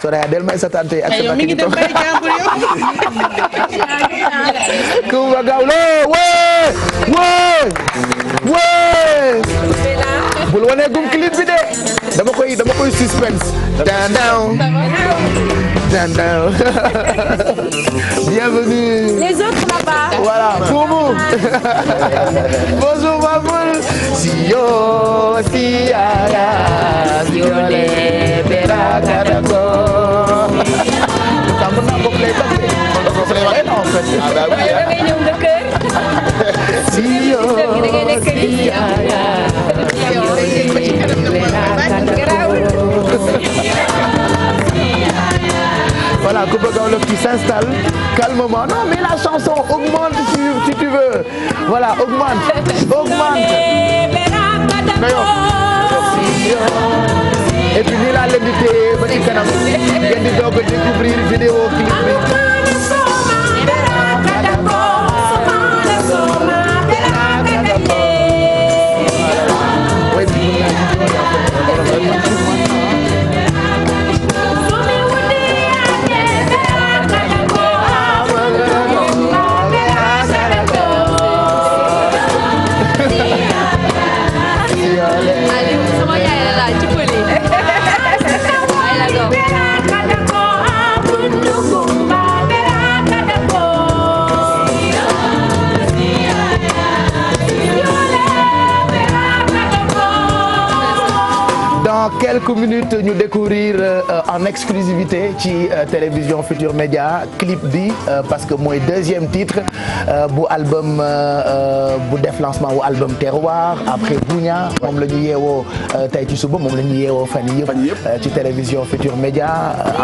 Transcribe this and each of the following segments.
Soraya del may sa tante yi ak sa bakki di toog Kumba Gawlo wee wee wee bul wane gum clip bi de dama koy dama koy suspense dandaw dandaw bienvenue les autres là-bas voilà pour vous bonjour Mamoul si yo si ara si yo le beraka dako mën naa ko play back de ko play back en fait ah bah oui si yo si ara la Coupe Kaolack qui s'installe calmement non mais la chanson augmente si, si tu voilà augmente augmente nga yokk et puis nii laa leen kanam ngeen di doog a découvrir vidéo clip quelques minutes ñu découvrir euh, en exclusivité ci euh, télévision Futur Média clip bi euh, parce que mooy deuxième titre bu album bu def lancement wu album Terroir après Buña moom la ñu yeewoo tey ci suba moom la ñu yeewoo fan yëpp ci télévision Futur Média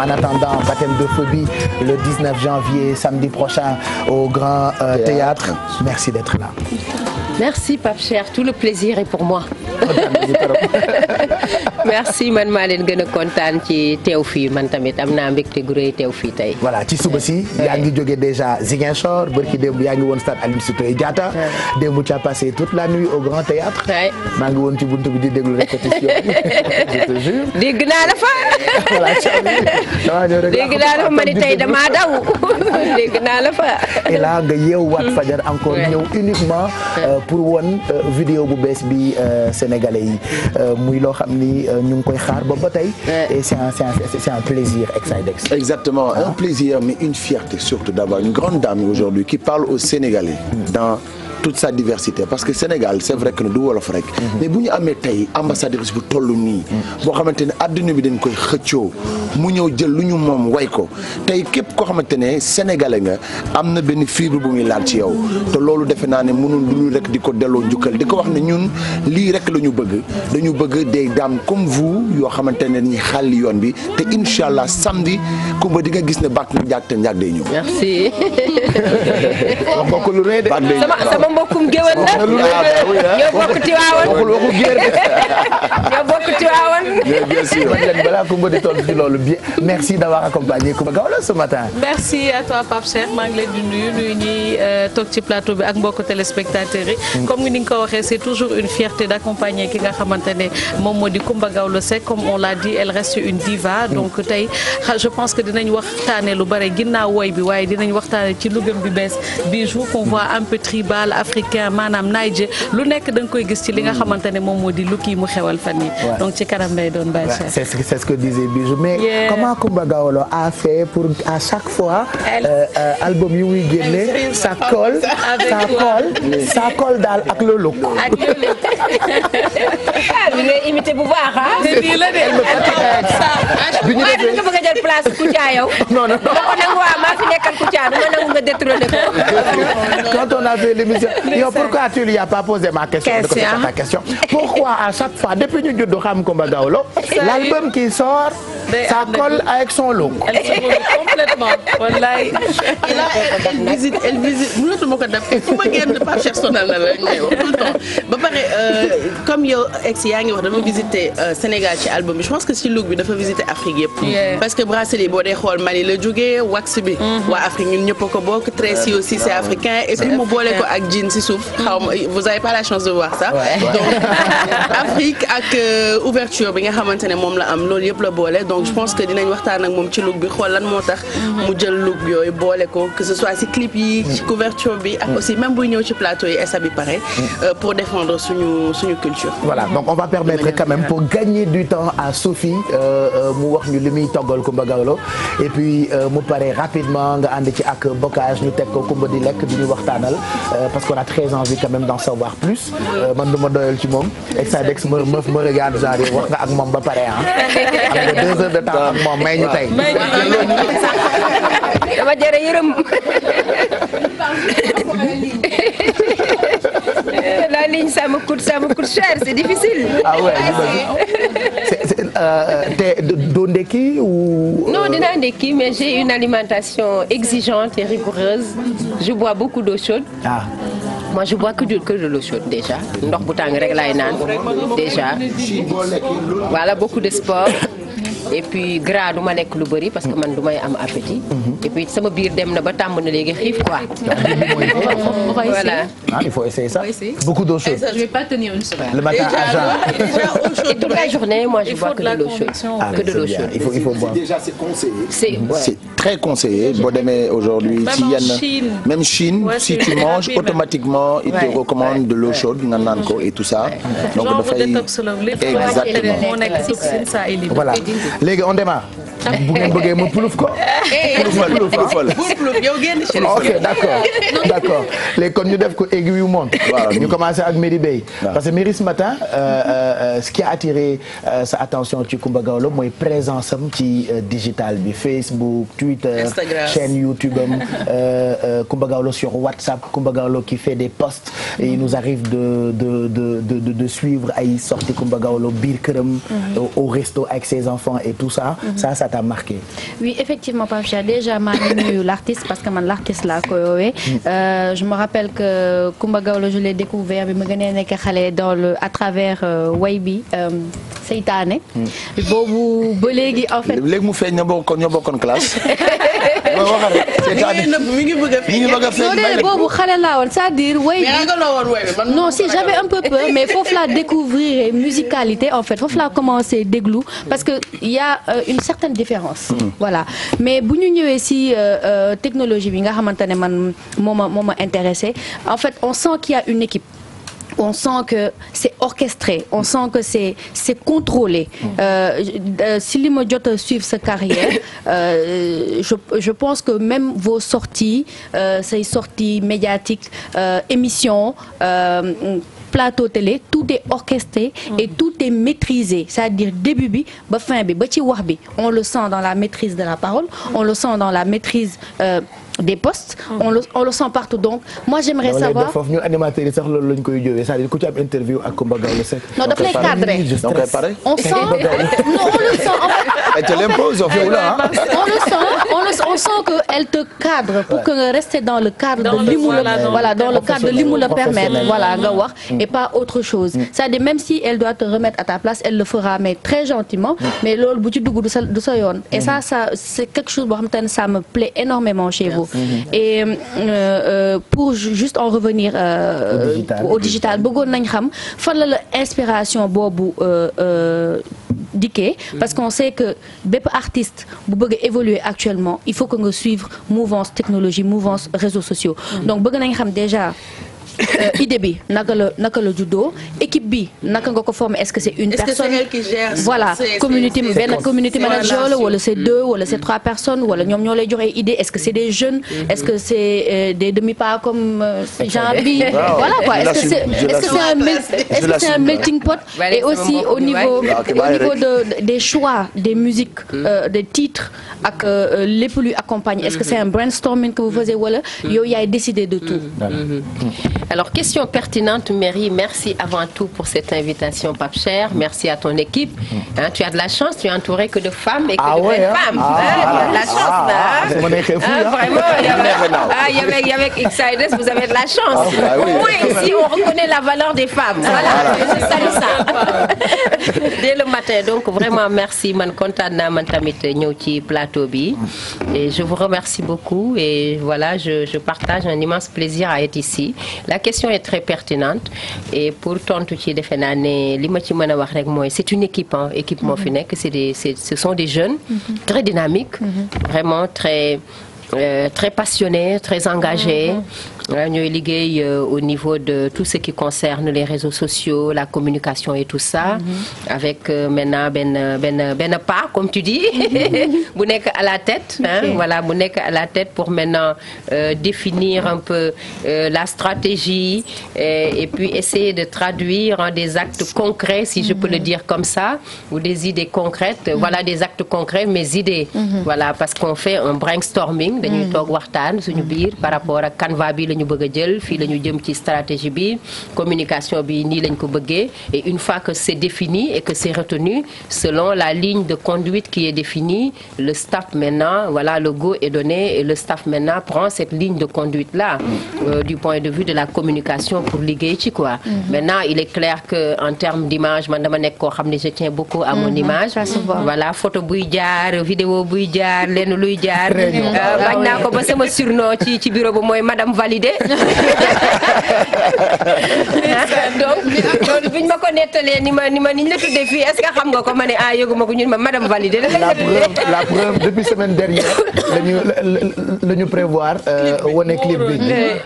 en attendant baptême de feu bi le 19 janvier samedi prochain au Grand Théâtre merci d'être là merci Pape Cheikh tout le plaisir est pour moi. merci man maa leen gën a kontaan ci tew fii man tamit am naa mbégte gu rëy teew fii tey. voilà ci suba si. Eh. yaa ngi jóge déjà Ziguinchor barki démb yaa ngi woon stade Aline Sitoé Diatta. Eh. démb tu as passé toute la nuit au Grand Théâtre. maa ngi woon ci buntu bi di déglu répétition dégg naa la fa. voilà tey damaa daw dégg naa la fa. et là nga yeewaat fajar encore ñëw uniquement. Euh, pour won euh, vidéo bu bees bi euh, sénégalais yi euh, muy loo xam ni ñu ngi koy xaar ba ba tey et c'est un c'est un plaisir Exidex e exactement un ah. plaisir mais une fierté surtout d'avoir une grande dame aujourd'hui qui parle aux Sénégalais dans toute sa diversité parce que Sénégal c'est vrai que ne du wolof rek. Mhm. mais bu ñu amee tey ambassadrice bu tollu nii. Mhm. boo xamante ne adduna bi dañ koy xëccoo mu ñëw jël lu ñu moom way ko tey képp koo xamante ne sénégalais nga am na benn fibre bu muy laal ci yow te loolu defe naa ne mënul lu rek di ko delloo njukkal di ko wax na ñun lii rek la ñu bëgg dañu bëgg des daam comme vous yoo xamante ne ñi xàll yoon bi te incha allah samedi kumba di nga gis ne baat na njaag te njaag day sama mbokkum géwël la ñoo bokk Tiwaawan waxul waxul géer ñoo bokk di tontu ci loolu bien merci d'avoir accompagné Coumba Gawlo ce matin merci à toi Pape Cheikh maa ngi leen di nuyu nuyu ñuy euh, toog ci plateau bi ak mbokk téléspectateurs yi mm. comme ni nga ko waxee c'est toujours une fierté d'accompagner ki nga xamante ne moo di Coumba Gawlo comme on l'a di elle reste une diva mm. donc tey je pense que dinañ waxtaane lu bare ginnaaw woy bi waaye dinañ waxtaane ci lugëm bi bees bijou qu'on mm. voit un peu tribal africain maanaam Niger lu nekk danga koy gis ci li nga hmm. xamante ne moom moo di lu kii mu xewal fan yi donc ci kanam lay doon bàyyi c'est ce que c'est ce que mais yeah. comment Coumba Gawlo a fait pour à chaque fois euh, euh, album yu muy génne ça colle ça colle daal ak le look ah bi ngay imité bu baax ah. te nii la de bi ñu defee nga bëgg a jël place Kouthia yow. non non non nangu waa maa fi nekkal Kouthia dama nangu nga détrôné ko. quand on a fait l'émission yow pourquoi tu lui as pas posé ma question. question ta question pourquoi à chaque fois depuis ñu judd xam Coumba Gawlo. l'album qui sort. ça colle avec son look. complètement wallaay. elle visite elle visite mënatuma ko def fu ma génn par personnel la rek ba pare euh, comme yow. ex yaa ngi wax dama visité euh, Sénégal ci album bi je pense que si look bi dafa visité Afrique yëpp. Mm-hmm. parce que bracelet boo dee xool Mali la jógee wax bi. Mm-hmm. waa Afrique ñun ñëpp a ko bokk. très aussi c'est africain et puis mu boole ko ak jean si suuf. xaw ma vous avez pas la chance de voir ça. donc Afrique ak euh, ouverture bi nga xamante ne moom la am loolu yëpp la boole donc je pense que dinañ waxtaan ak moom ci look bi xool lan moo tax. Mm-hmm. mu jël look yooyu boole ko que ce si clip yi. ci bi ak aussi même buy ñëw ci plateau yi esa bi pare. Euh, pour défendre suñu suñu culture. voilà donc on va permettre quand même pour gagner du temps à Sophie euh, euh, mu wax ñu li muy toggal Kumba Gawlo et puis euh, mu pare rapidement nga ànd ci ak bocage ñu teg ko Kumba di lekk di ñu waxtaanal parce qu'on a très envie quand même d'en savoir plus man du ma doyal ci mom exadex ma ma regarde genre wax nga ak moom ba pare a am nga deux la ligne ça me coûte ça me cher c'est difficile. ah, ah euh, ou. Euh? non dinaa mais j'ai une alimentation exigeante et rigoureuse je bois beaucoup d'eau ah. déjà ndox bu tàng rek laay naan déjà voilà beaucoup de sport. et puis gras du ma lekk lu bëri parce que man du may am appétit. Mhm. et puis sama biir dem na ba tàmm na léegi xiif quoi. voilà. Ah, le matin à jeun. et toute la journée moi je que de l'eau chaude. c'est conseillé. c'est c'est très conseillé boo demee aujourd'hui ci yenn. même Chine si tu manges automatiquement il te recommande de l'eau chaude nga naan ko et tout ça. donc dafay exactement. voilà léegi on démarre bu ngeen bëggee ma puluf ko. Eh. ok d'accord d'accord léegi kon ñu def ko aiguille yu monde. ñu commencé ak Méri Bey. parce que Méri ce matin euh, euh, euh, ce qui a attiré sa attention ci Coumba Gawlo mooy présence am ci digital bi Facebook Twitter. chaîne YouTube am Coumba Gawlo sur WhatsApp Coumba Gawlo qui fait des posts. et il nous arrive de de de de de suivre ay sorties Coumba Gawlo biir këram. Mhm. au resto avec ses enfants et tout ça. Mhm. ça t'a marqué oui effectivement Pape Cheikh déjà maa ngi nuyu l'artiste parce que man l'artiste laa ko woowee mm. euh, je me rappelle que Coumba Gawlo je l'ai découvert bi ma gënee nekk xale dans le à travers euh, way bi euh, seytaane mm. boobu ba léegi en fait léegi mu feeñ ñoo bokkoon ñoo bokkoon classe mooy waxal rek seytaane mi ngi bëgg a feeñ mi ngi bëgg a feeñ boobu xale laa woon c'est-à-dire way bi non si j'avais un peu peur mais foofu laa découvrir musicalité en fait foofu laa commencé déglu parce que il y a une certaine différence. voilà mais bu ñu ñëwee ci euh, euh, technologie bi nga xamante ne man moo ma moo ma intéressé en fait on sent qu'il y a une équipe. on sent que c'est orchestré on sent que c'est c'est contrôlé mm-hmm. euh, si li ma jot a suivre sa carrière je je pense que même vos sorties euh, say sorties médiatiques euh, émissions plateau télé tout est orchestré et mm. tout est maîtrisé c'est-à-dire début bi ba fin bi ba ci wax bi on le sent dans la maîtrise de la parole mm. on le sent dans la maîtrise euh, des postes. Ah. on le on le sent partout donc j'aimerais savoir foofu ñun animateurs yi sax lañ koy jógee c'est-à-dire ku ci am interview ak Coumba Gawlo Seck. on le sent on le sent on te cadre pour que nga dans le cadre. de li voilà dans mm. et pas autre chose. Mm. c'est-à-dire même si elle doit te remettre à ta place elle le fera mais très gentiment. Mm. mais loolu bu ci dugg du sa et c'est quelque chose boo xamante ne me plaît énormément chez vous. foofu et euh, euh, pour juste en revenir euh, au digital bëggoon nañ xam fan la la inspiration boobu dikkee parce qu'on sait que bépp artiste bu bëgg a évoluer actuellement il faut que nga suivre mouvance technologie mouvance réseaux sociaux mm. donc bëgg nañ xam déjà Euh, idée bi naka la naka la juddoo équipe bi naka nga ko former est-ce que c'est une personne voilà community benn community la wala c'est deux mm. wala c'est trois personnes wala ñoom ñoo lay joxe est-ce que c'est des jeunes mm-hmm. est-ce que c'est euh, des demi-pas comme euh, genre bi est-ce que c'est un melting pot et au niveau des choix des musiques mm. des titres ak lépp luy accompagner est-ce que mm-hmm. c'est un brainstorming que vous mm-hmm. faisiez wala yow yaay décider de tout mm. Alors, question pertinente, Mary. Merci avant tout pour cette invitation, Pape Cher. Merci à ton équipe. Mm. Hein, tu as de la chance, tu es entouré que de femmes et que ah de ouais, hein? femmes. Ah, hein, tu as de la chance, ah, là. Ah, vraiment, il y ah, avait, avec, avec X-Siders, vous avez de la chance. Ah, bah oui. Au moins, si on reconnaît la valeur des femmes. Voilà, voilà. je salue ça. Dès le matin, donc, vraiment, merci. Man contana, man tamit, nyoti, plateau bi. Et je vous remercie beaucoup. Et voilà, je, je partage un immense plaisir à être ici. La la question est très pertinente et pour tontu ci defe naa ne li ma ci mën a wax rek mooy c'est une équipe hein équipe moo fi mhm. nekk c'est des c'est ce sont des jeunes mhm. très dynamiques mhm. vraiment très euh, très passionnés très engagés ñooy liggéey euh, au niveau de tout ce qui concerne les réseaux sociaux la communication et tout ça. Mm-hmm. avec euh, maintenant benn benn benn pas comme tu dis. bu mm-hmm. nekk à la tête. Hein, bu nekk à la tête pour maintenant euh, définir un peu la stratégie et, et puis essayer de traduire en des actes concrets si je peux le mm-hmm. dire comme ça ou des idées concrètes. voilà des actes concrets mais idées. parce qu'on fait un brainstorming dañuy toog waxtaan suñu biir par rapport ak ñu bëgg a jël fii la ñu jëm ci stratégie bi communication bi nii lañ ko bëggee et une fois que c'est défini et que c'est retenu selon la ligne de conduite qui est définie le staff maintenant voilà le go est donné et le staff maintenant prend cette ligne de conduite là euh, du point de vue de la communication pour liggéey ci quoi. Mhm. maintenant il est clair que termes d'image man dama nekk koo xam ne je tiens beaucoup à mon mhm. image. voilà photo buy jaar vidéo buy jaar lenn luy jaar. Euh, bañ ah naa ko de. donc loolu bi ñu ma ko nettalee ni ma ni ma ni ñu la tuddee fii est ce que ko ma ne ah yëgu ma ko ñun ma madame validé. la preuve la preuve depuis semaine dernière lañu lañu prévoir. Euh, wane clip bi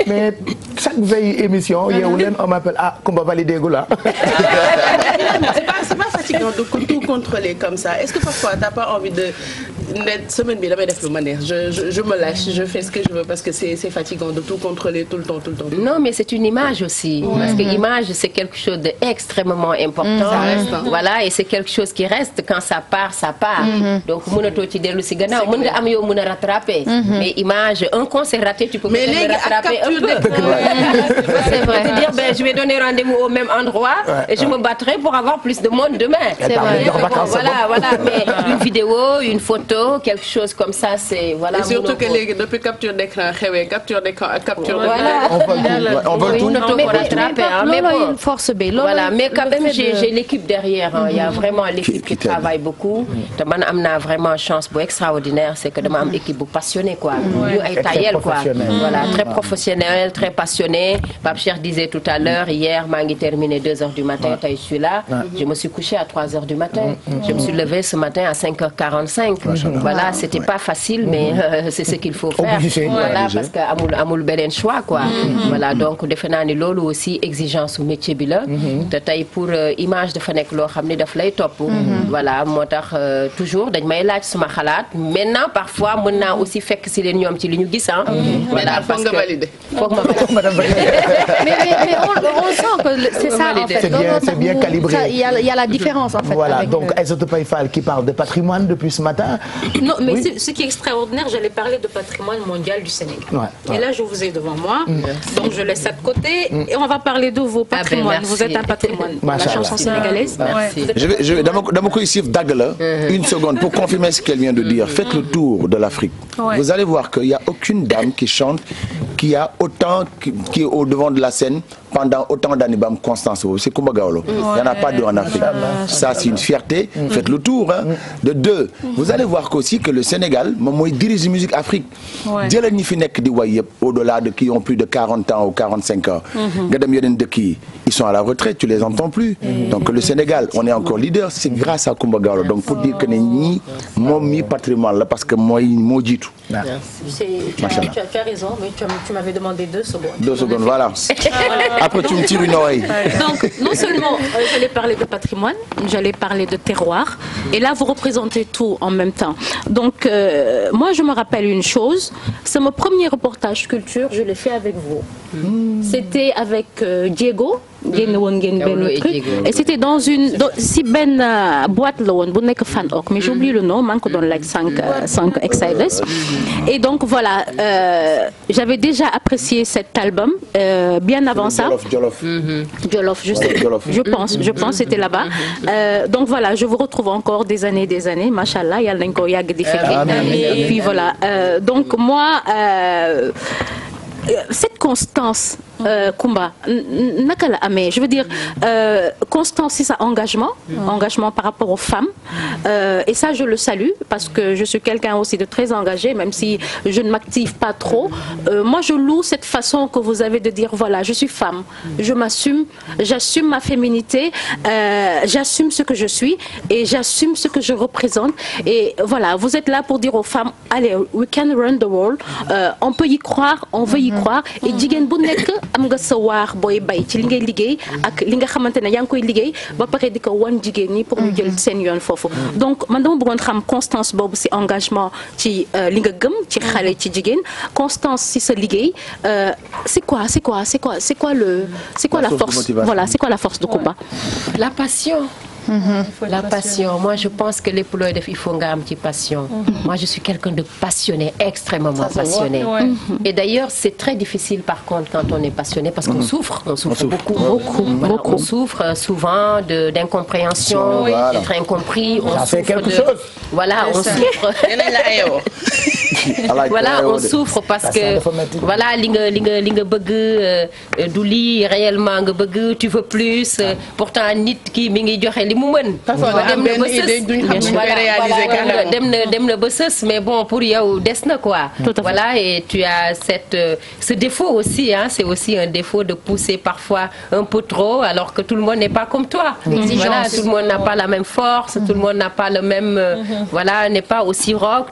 mais chaque veille émission. yeewu leen on ah, Kumba validé gu fatigant de tout contrôler comme ça est-ce que parfois t'as pas envie de ne semaine bi damay def lu ma neex je je me lâche je fais ce que je veux parce que c'est c'est fatigant de tout contrôler tout le temps tout le temps. non mais c'est une image aussi. Mm -hmm. parce que image c'est quelque chose d'extrêmement important. Mm -hmm. ça reste, voilà et c'est quelque chose qui reste quand ça part ça part. Mm -hmm. donc mënatoo ci dellu si gannaaw mën nga am yow mën a rattraper. Mm-hmm. mais image un concert raté tu peux. mais léegi à capture de c'est vrai. dire ben je vais donner rendez-vous au même endroit. Ouais, et je ouais. me battrai pour avoir plus de monde demain. C'est vrai. Bon, voilà, voilà, mais une vidéo, une photo, quelque chose comme ça, c'est voilà. Et surtout que léegi depuis capture d'écran xewee capture d'écran ak capture. voilà on veut tout mais mais loolu une force bi. voilà mais quand même j'ai j'ai l'équipe derrière. il y a mhm. vraiment l'équipe qui travaille beaucoup. te mhm. man am naa vraiment chance bu extraordinaire c'est que dama am mhm. équipe bu passionnée quoi. ñu ay tayel quoi voilà très ah. professionnel très passionné Pape Cheikh disait tout à l'heure hier maa ngi terminé deux heures du matin tey je suis là je me suis couché à 3 heures du matin. Mm, mm, Je me suis mm. levée ce matin à 5h45. Voilà, ah, c'était pas facile, mais euh, c'est ce qu'il faut faire. parce que amul amul beneen choix quoi. voilà donc defe naa ni loolu aussi exigence su métier bi la. te tey pour euh, image dafa nekk loo xam ne daf lay topp. voilà moo tax euh, toujours dañ may laaj suma xalaat maintenant parfois mën na aussi fekk si leen ñoom ci li ñu gis voilà parce que foog nga mais on sent que c'est ça en fait. a la cohérence en fait. Voilà, avec donc euh, Aïssatou Paye Fall qui parle de patrimoine depuis ce matin. Non, mais oui. ce qui est extraordinaire, j'allais parler de patrimoine mondial du Sénégal. Ouais, ouais. Et là, je vous ai devant moi, mmh. donc je laisse ça de côté mmh. et on va parler de vos patrimoines. Ah ben, vous êtes un patrimoine. la chanson sénégalaise. Merci. Je vais, je vais, dama koy siif dagg la mm-hmm. une seconde pour confirmer ce qu'elle vient de dire. Mm-hmm. Faites le tour de l'Afrique. Ouais. Vous allez voir qu'il y a aucune dame qui chante qui a autant qui, qui est au devant de la scène pendant autant d'années ba am constance boobu oh, c'est Coumba Gawlo il n'y en a pas deux Afrique ça c'est une fierté mm. faites le tour mm. de deux vous allez voir qu'aussi que le Sénégal mooy dirige musique Afrique jëlal ñi fi nekk di yëpp de qui ont plus de quarante ans ou quarante cinq ans mm-hmm. nga dem yeneen dëkk ils sont à la retraite tu les entends plus mhm. donc le Sénégal on est encore leader c'est grâce à Coumba Gawlo donc pour dire que ne ñii moom mi patrimoine la parce que mooy moo jiitu waaw macha allah tu as raison mais tu m'avais demandé deux secondes. deux secondes ah, voilà après tu me tires une oreille donc non seulement euh, j'allais parler de patrimoine j'allais parler de terroir et là vous représentez tout en même temps donc euh, moi je me rappelle une chose c'est mon premier reportage culture je l'ai fait avec vous hmm. c'était avec euh, Diego génne woon ngeen benn truc et c'était dans une si benn euh, boîte la woon bu nekk fan ok mais j'oublie le nom maa ngi ko doon laaj cinq euh, cinq exiles et donc voilà euh, j'avais déjà apprécié cet album euh, bien avant ça Jolof Jolof mm-hmm. juste je pense je pense c'était là-bas mm-hmm. Mm-hmm. euh, donc voilà je vous retrouve encore des années des années machallah yàlla nañ ko yàgg di fekkee puis voilà euh, donc moi cette constance Euh, Kumba naka la amee je veux dire euh, constancer sa engagement engagement par rapport aux femmes euh, et ça je le salue parce que je suis quelqu'un aussi de très engagé même si je ne m'active pas trop moi je loue cette façon que vous avez de dire voilà je suis femme je m'assume j'assume ma féminité j'assume ce que je suis et j'assume ce que je représente et voilà vous êtes là pour dire aux femmes allez we can run the world on peut y croire on veut y mhm. croire et mhm. jigéen bu nekk am nga sa waax booy bay ci li ngay liggéey ak li nga xamante ne yaa ngi koy liggéey ba pare di ko wan jigéen ñi pour ñu jël seen yoon foofu donc man dama bëggoon xam constance boobu si engagement ci euh, li nga gëm ci xale ci jigéen constance si sa liggéey euh, c'est quoi c'est quoi c'est quoi c'est la force voilà c'est du combat la Mhm. la passion moi je pense que lépp looy def il faut nga am ci passion. Mhm. moi je suis quelqu'un de passionné extrêmement passionné. Mhm. et d'ailleurs c'est très difficile par contre quand on est passionné parce qu'on souffre on souffre beaucoup beaucoup beaucoup on souffre euh, souvent de d'incompréhension d'être incompris on souffre de voilà on souffre voilà on souffre parce que voilà li nga li nga li nga bëgg euh, du lii réellement nga bëgg tu veux plus euh, pourtant nit kii mi ngi joxe li mu mën. dem ba sës voilà dem na dem mais bon pour yow des na quoi. voilà et tu as cette euh, ce défaut aussi c'est aussi un défaut de pousser parfois un peu trop alors que tout le monde n'est pas comme toi. tout le monde n'a pas la même force mm-hmm. mm-hmm. tout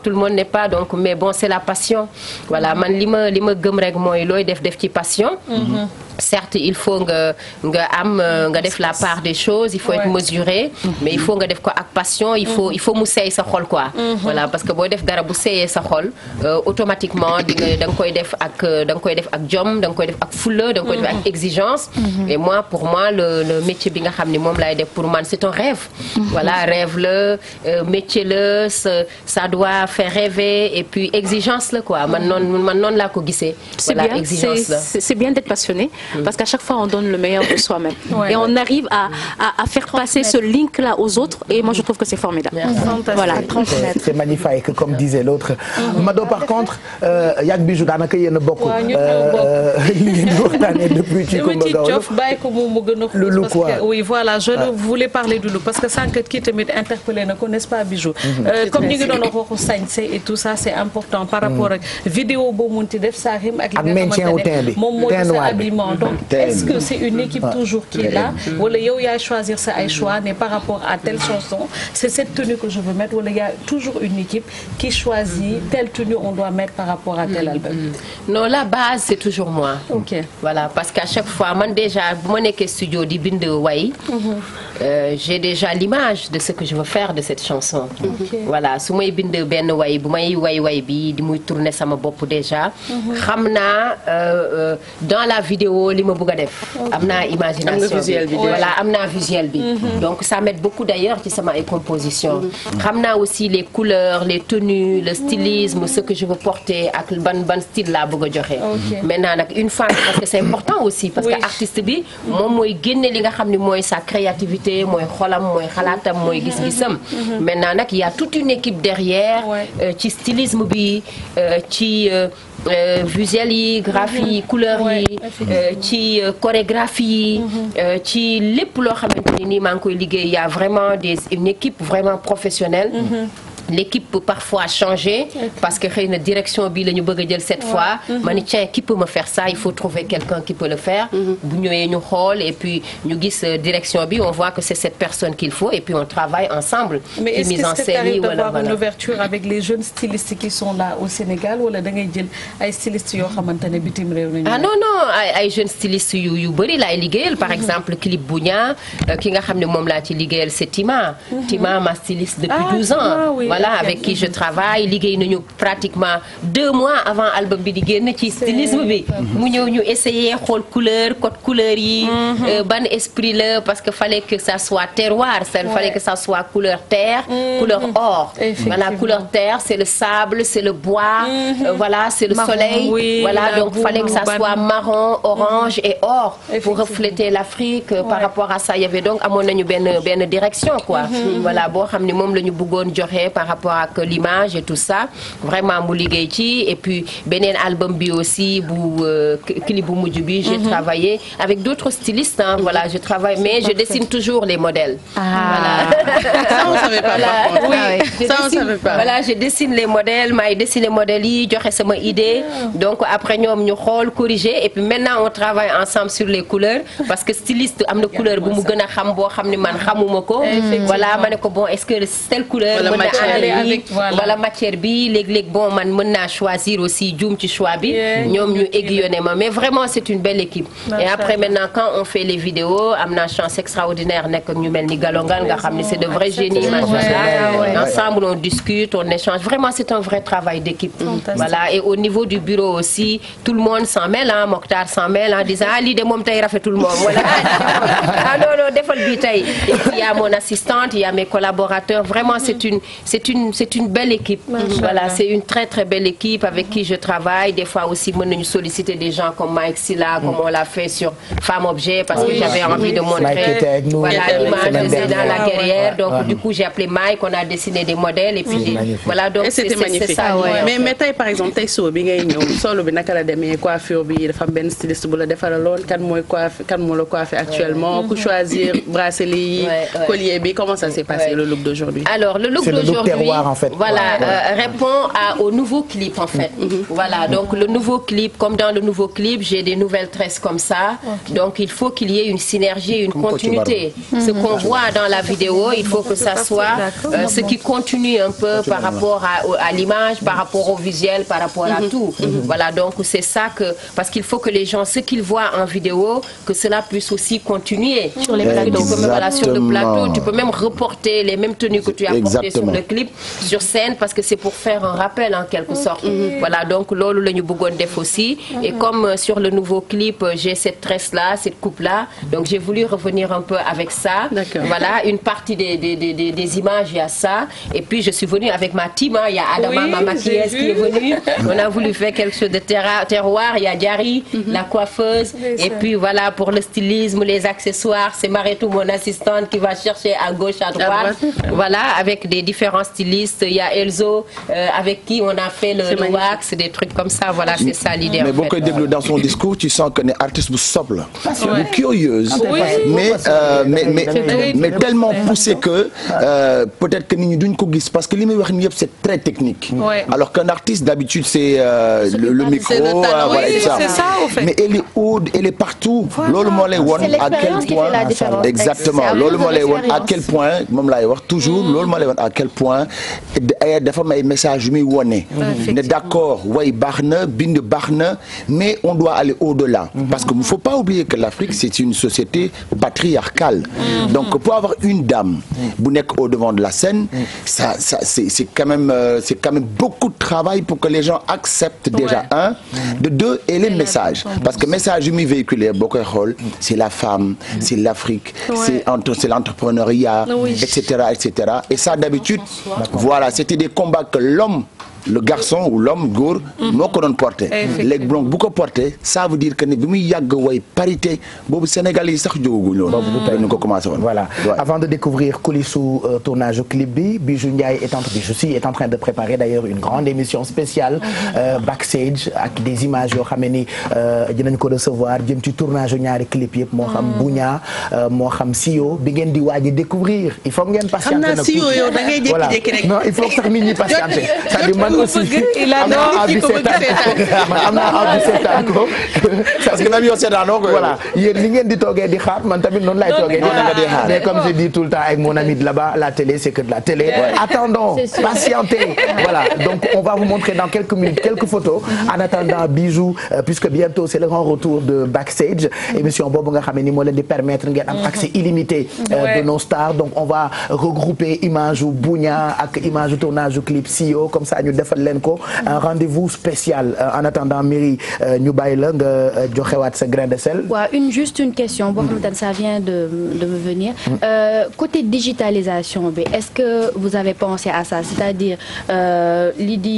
le monde n'est pas donc. mais bon c'est la passion voilà man li ma li ma gëm rek mooy looy def def ci passion. Mm-hmm. certes il faut nga nga am nga def la part des choses il faut être mesuré mais il faut nga def ko ak passion il faut il faut mu seey sa xol quoi mhm. voilà parce que booy def dara bu seeyee sa xol euh, automatiquement di nga da nga koy def ak euh, da koy def ak jom danga koy def ak fulla da nga koy def ak mhm. exigence mhm. et moi pour moi le le métier bi nga xam ni moom laay def pour man c'est un rêve voilà rêve la euh, métier la ça doit faire rêver et puis exigence la quoi man noonu man ko gisee la c'est bien d'être passionné Parce que chaque fois, on donne le meilleur de soi-même. Ouais, et ouais. on arrive à, à, à faire passer ce link-là aux Et je trouve que c'est formidable. Voilà. C'est comme disait l'autre. Mhm. Mado, par contre, euh, yàgg bi ju daanaka yéen a bokk. waaw ñu ngi ko oui voilà je ah. voulais parler du loup parce que sànq kii tamit interpellé na ko n'est-ce pas Bijou. Mhm. Euh, comme ñu par mhm. rapport ak vidéo boo munti def saa rime ak li nga xamante ne moom moo donc est-ce que c'est une équipe ah, toujours qui est là wala yow ya choisir sa ay choix ne par rapport à telle chanson c'est cette tenue que je veux mettre wala y a toujours une équipe qui choisit telle tenue on doit mettre par rapport à tel album mm, mm. non la base c'est toujours moi voilà parce qu'à chaque fois man déjà bu ma nekkee studio di bind way mhm. euh, j'ai déjà l'image de ce que je veux faire de cette chanson voilà su may bind benn way bu may way way bi di muy tourner sama bopp déjà mhm. xam naa euh, euh, dans la vidéo vidéo li ma bëgg a def. am naa imagination bi mhm. donc ça m'aide beaucoup d'ailleurs ci sama ay composition mhm. xam naa aussi les couleurs les tenues le mhm. stylisme ce que je veux porter ak ban ban style laa bëgg a joxe. maintenant une femme parce que c'est important aussi. parce que artiste bi mo mooy génne li nga xam ne mooy sa créativité mooy xolam mooy xalaatam mooy gis-gisam. maintenant nag il y a toute une équipe derrière. Euh, ci stylisme bi euh, ci. Euh, Euh, visuel yi graphie yi couleur yi euh, ci euh, chorégraphie yi mhm. ci lépp loo xamante ni nii maa ngi koy liggéey y a vraiment des une équipe vraiment professionnelle mhm. l'équipe peut parfois changer okay. parce que xëy na direction bi la ñu bëgg jël cette ouais. fois mm -hmm. ma ni tiens qui peut me faire ça il faut trouver quelqu'un qui peut le faire mhm. bu ñëwee ñu xool et puis ñu gis euh, direction bi on voit que c'est cette personne qu'il faut et puis on travaille ensemble mais est-ce mise en série wala voilà une ouverture avec les jeunes stylistes qui sont là au Sénégal wala da ngay jël ay stylistes yoo xamante ne bitim réew nañu ah non non jeunes stylistes yu yu bëri laay liggéeyal par mhm. exemple clip bu ñaa euh, ki nga xam ne moom laa ci liggéeyal c'est Tima mhm. Tima ma styliste depuis 12 ah, ans voilà avec qui je travaille liggéey nañu pratiquement deux mois avant album bi di génn ci stylisme bi mu ñëw ñu essayer xool couleur code couleur yi mm-hmm. euh, ban esprit la parce que fallait que ça soit terroir ça fallait mm-hmm. couleur or couleur terre c'est le sable c'est le bois mm-hmm. euh, voilà c'est le soleil voilà donc fallait que ça soit marron orange et or pour refléter l'Afrique euh, par rapport à ça y avait donc amoon nañu benn benn direction quoi voilà boo xam ne moom la ñu bëggoon joxe rapport ak l'image et tout ça vraiment mu liggéey ci et puis beneen album bi aussi bu euh, clip bu mujj bi j'ai mhm. travaillé avec d'autres stylistes hein, voilà je travaille mais je dessine toujours les modèles ah. voilà ça on savait pas voilà. Ah oui, je ça dessine, on savait pas voilà je dessine les modèles maay dessiner modèles yi joxe sama idée ah. donc après ñoom ñu xool corriger et puis maintenant on travaille ensemble sur les couleurs parce que styliste am na couleur bu mu gën a xam boo xam ne man xamuma ko voilà ma ne ko bon est-ce que telle couleur mën na aller avec wala matière bi léeg bon man mën naa choisir aussi juum ci choix bi ñoom ñu aiguillonné ma mais vraiment c'est une belle équipe et après maintenant quand chance extraordinaire nekk ñu mel ni galongal nga xam ne c'est de vrais génies machallah ah, ensemble on discute on échange vraiment c'est un vrai travail d'équipe voilà et au niveau du bureau aussi tout le monde s'en mêle ah Mokhtar s'en mêle en disant ah de moom tey rafetul moom voilà ah vraiment c'est une c'est une c'est une belle équipe voilà c'est une très très belle équipe avec qui je travaille des fois aussi mën nañu solliciter des gens comme Mike Silla mm. comme on l'a fait sur Femme Objet parce que j'avais envie de montrer voilà l'image c'est dans la ah, guerrière donc du coup j'ai appelé Mike on a dessiné des modèles et puis mm. voilà donc c'est magnifique ah, mais mais tey par exemple tey suba bi ngay ñëw solo bi naka la demee coiffure bi dafa am benn styliste bu la defaraloon kan mooy coiffe kan moo la coiffe actuellement mm-hmm. ku choisir bracelet yi collier bi comment ça s'est passé le look d'aujourd'hui alors le look d'aujourd'hui terroir en fait. voilà, voilà. Euh, au nouveau clip mhm. Mhm. donc le nouveau clip comme dans le nouveau clip j'ai des nouvelles tresses comme ça. donc il faut qu'il y ait une synergie une continuité. ce mhm. qu'on voit dans la vidéo il faut que ça soit euh, ce qui continue par rapport à, l'image par rapport au visuel par rapport à tout. voilà donc c'est ça que parce qu'il faut que les gens ce qu'ils voient en vidéo que cela puisse aussi euh, sur le plateau tu peux même reporter les mêmes tenues que tu as clip sur scène parce que c'est pour faire un rappel en quelque sorte donc loolu la ñu bëggoon def aussi et comme euh, sur le nouveau clip euh, j'ai cette tresse là cette coupe là donc j'ai voulu revenir un peu avec ça voilà une partie des des des des images il y a ça et je suis venue avec ma team il y Adama ma maquilleuse qui est venue on a voulu faire quelque chose de terroir il y a Diary mhm. la coiffeuse et voilà pour le stylisme les accessoires c'est Maretou mon assistante qui va chercher à gauche à droite styliste, il y a Elzo euh, avec qui on a fait le, le des trucs comme ça. Voilà, c'est ça l'idée. Mais beaucoup de dans son discours, tu sens qu'elle est artiste souple, ah, ouais. curieuse, ah, oui. mais, euh, mais, mais, que euh, peut-être que nous ne pas Parce que l'immédiat, c'est très technique. Ouais. Alors qu'un artiste, d'habitude, c'est euh, le, le, micro, le ah, voilà, oui, et ça. Ça, au fait. Mais elle est oud, elle est partout. Voilà. C'est à quel point. Qui la Exactement. Lolo à quel à quel point vraiment ah, dafa am ay message yu muy wone mm-hmm. ne d'accord way baax na bind baax na mais on doit aller au-delà mm-hmm. parce que il ne faut pas oublier que l'Afrique c'est une société patriarcale mm-hmm. donc pour avoir une dame bu nekk au-devant de la scène ça ça c'est c'est quand même euh, c'est quand même beaucoup de travail pour que les gens acceptent déjà un de deux et les messages parce que message yu muy véhiculé boo koy xool c'est la femme c'est l'Afrique c'est entre c'est l'entrepreneuriat etc etc et ça d'habitude Voilà, c'était des combats que l'homme le garçon ou l'homme góor. Mhm. moo ko doon porté. léegi bu ko porté ça veut dire que ne bi muy yàgg way parité boobu Sénégal yi sax jógaguñu woon. boobu mhm. ko commencé woon. voilà avant de découvrir coulisses su euh, tournage clip bi Bijou Ndiaye est en train de préparer d'ailleurs une grande émission spéciale mhm. euh, backstage ak des images yoo xam ne ni euh, dinañ ko recevoir jëm ci tournage ñaari clip yëpp moo xam Buña moo xam Sio bi ngeen di waaj a découvrir il faut ngeen patienter. xam Sio yow il faut sax nit ñi patienter. cest aussi il a envie am naa envie seetaan ko parce que même yow seetaanoo ko voilà yéen li ngeen di toogee di xaar man tamit noonu laay toogee di xaar mais comme je dis tout le temps avec mon ami de là-bas la télé c'est que de la télé attendons patientez voilà donc on va vous montrer dans quelques minutes quelques photos en attendant bisous euh, puisque bientôt c'est le grand retour de Backstage émission boobu nga xam ne ni moo leen di permettre ngeen am accès mm-hmm. illimité euh, de nos stars donc on va regrouper image u Bougna ak image tournage u clip CEO comme ça ñu defal leen ko un rendez-vous spécial euh, en attendant Merry euh, ñu bàyyi la nga euh, joxewaat sa grain de sel. waaw une juste une question boo xamante ne ça vient de de me venir mm. euh, côté digitalisation bi est-ce que vous avez pensé à ça c'est-à-dire euh, li di.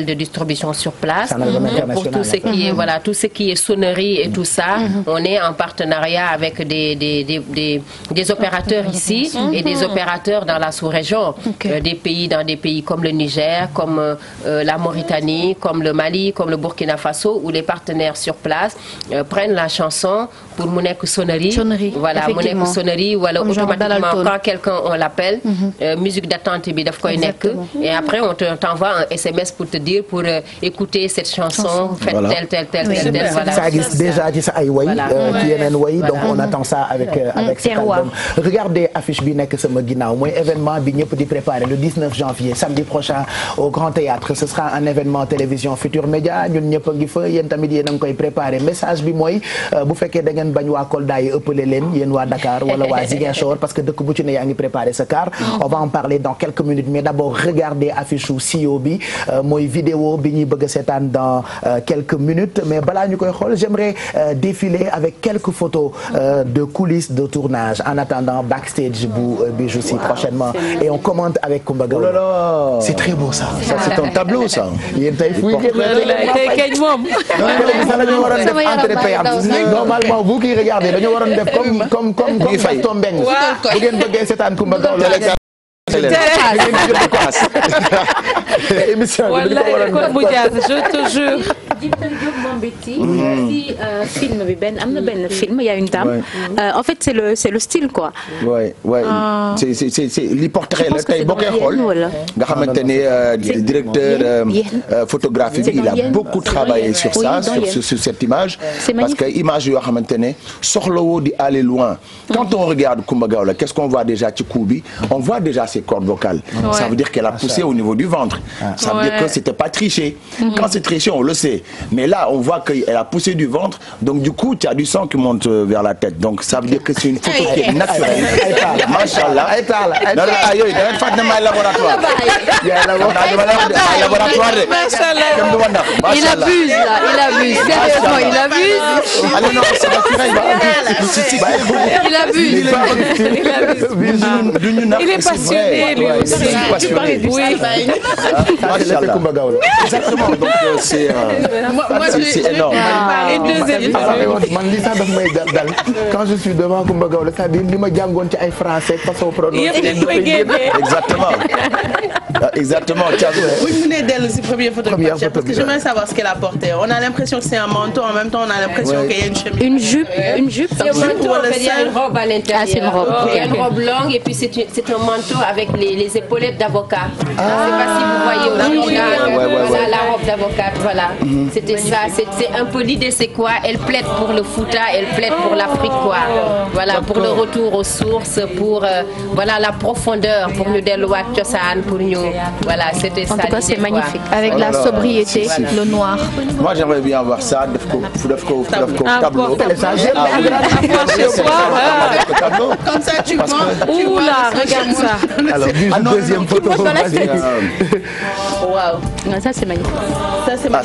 modèle de distribution sur place. Mhm. Mhm. tout ce qui est voilà tout ce qui mhm. est en partenariat avec des des des des, des opérateurs ici et des opérateurs dans la sous-région, okay. Euh, des pays dans des pays comme le Niger, comme euh, la Mauritanie, le Mali, le Burkina Faso où les partenaires sur place euh, prennent la chanson pour mu nekk sonnerie. automatiquement quand quelqu'un on l'appelle, euh, musique d'attente bi daf et après on t'envoie un SMS dire pour euh, écouter cette chanson déjà ci sa ay way ci yeneen way donc on mm-hmm. attend ça avec euh, mm-hmm. avec cet album regardez bi nekk sama ginnaaw mooy événement bi ñëpp di préparer le janvier samedi prochain au Grand Théâtre ce sera un événement télévision Futur Média ñun ñëpp a ngi fa yéen tamit yéen a koy préparer message bi mooy euh, bu fekkee da ngeen bañ waa Kolda yi ëppale leen Dakar wala waa Ziguinchor parce que dëkk bu ci ne yaa ngi préparer sa car mm-hmm. on va en vidéo bi ñuy bëgg a seetaan dans euh, quelques minutes mais balaa ñu koy xool j'aimerais euh, défiler avec quelques photos euh, de coulisses de tournage en attendant backstage bu Bijou Sy prochainement et on commente avec Coumba Gawlo oh c'est très beau ça ça c'est un tableau ça yéen tey fu tey moom sax normalement vous qui regardez dañu waroon def comme comme comme comme Gaston Mbengue bu ngeen bëggee seetaan Coumba Gawlo wallaay kon mu jaas je te jure. Djibson Diop moom mhm. ci si euh, film bi benn am na benn film y a une dame. Euh, en fait c'est le c'est le style quoi. waay waay ah. c'est c'est c'est li portrait la tey boo koy xool nga xamante ne euh, directeur photographie bi il a beaucoup travaillé sur ça sur sur cette image. parce que image yoo xamante ne soxlawoo di aller loin. quand mhm. on regarde Coumba Gawlo qu'est-ce qu'on voit déjà ci coup bi on voit déjà ces ses cordes vocales. Ouais. Ça veut dire qu'elle a poussé au niveau du ventre. Ah. Ça veut ouais. dire que c'était pas triché. Mm -hmm. Quand c'est triché, on le sait. Mais là, on voit qu'elle a poussé du ventre. Donc, du coup, tu as du sang qui monte vers la tête. Donc, ça veut dire que c'est une photo qui est naturelle. Machallah. Elle parle. Elle parle. Elle laboratoire. Il abuse, là. Il abuse. Sérieusement, il abuse. Il abuse. Il abuse. Il est patient. vernis ouais, ouais, tu parlais du oui. Ah, ah, exactement donc euh, c'est euh, c'est énorme ah, man li sax daf may dal euh. quand je suis devant Kumba Gawlo ma jàngoon ci ay français façon prononcé exactement exactement oui mu ne que j'aimerais savoir ce qu'elle a porté on a l'impression que c'est un manteau en même temps on a l'impression qu'il c'est une robe à l'intérieur c'est c'est un manteau avec les, les épaulettes d'avocat. Ah. pas si vous ah. voyez aujourd'hui la robe d'avocat, voilà. Mm -hmm. c'est un peu l'idée, c'est quoi Elle plaide pour le Fouta, elle plaide pour oh. l'Afrique, quoi. pour le retour aux sources, pour euh, la profondeur, pour nous déloir Tchosaan, pour nous. Voilà, c'était ça. En tout cas, c'est magnifique. Avec oh là, la sobriété, voilà. le noir. Moi, j'aimerais bien avoir ça, tableau. Comme ça, tu prends. Oula, regarde ça. alors ah deuxième photo ah. waaw ça c'est magnifique.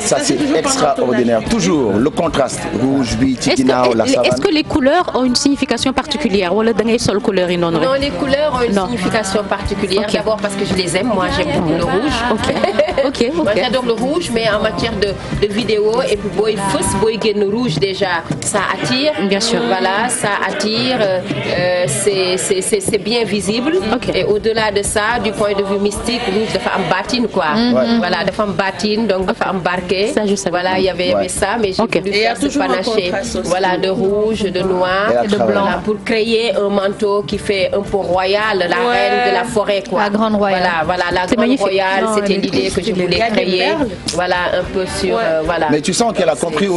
ça c'est ah, extraordinaire toujours le contraste rouge bi ci la savane. est-ce que les couleurs ont une signification particulière wala da ngay sol couleur yi noonu rek. non les couleurs ont une signification particulière. d'abord parce que je les aime moi j'aime beaucoup le rouge. ok ok ok moi mais en matière de vidéo et puis booy fës booy rouge déjà ça attire. Euh, euh, c'est bien visible. au-delà de ça du point de vue mystique Rouge dafa am baatin quoi. Mm-hmm. am baatin donc dafa am de rouge de noir de blanc pour créer un manteau qui fait un peu royal la ouais. de la forêt quoi. la la créer voilà un euh, a compris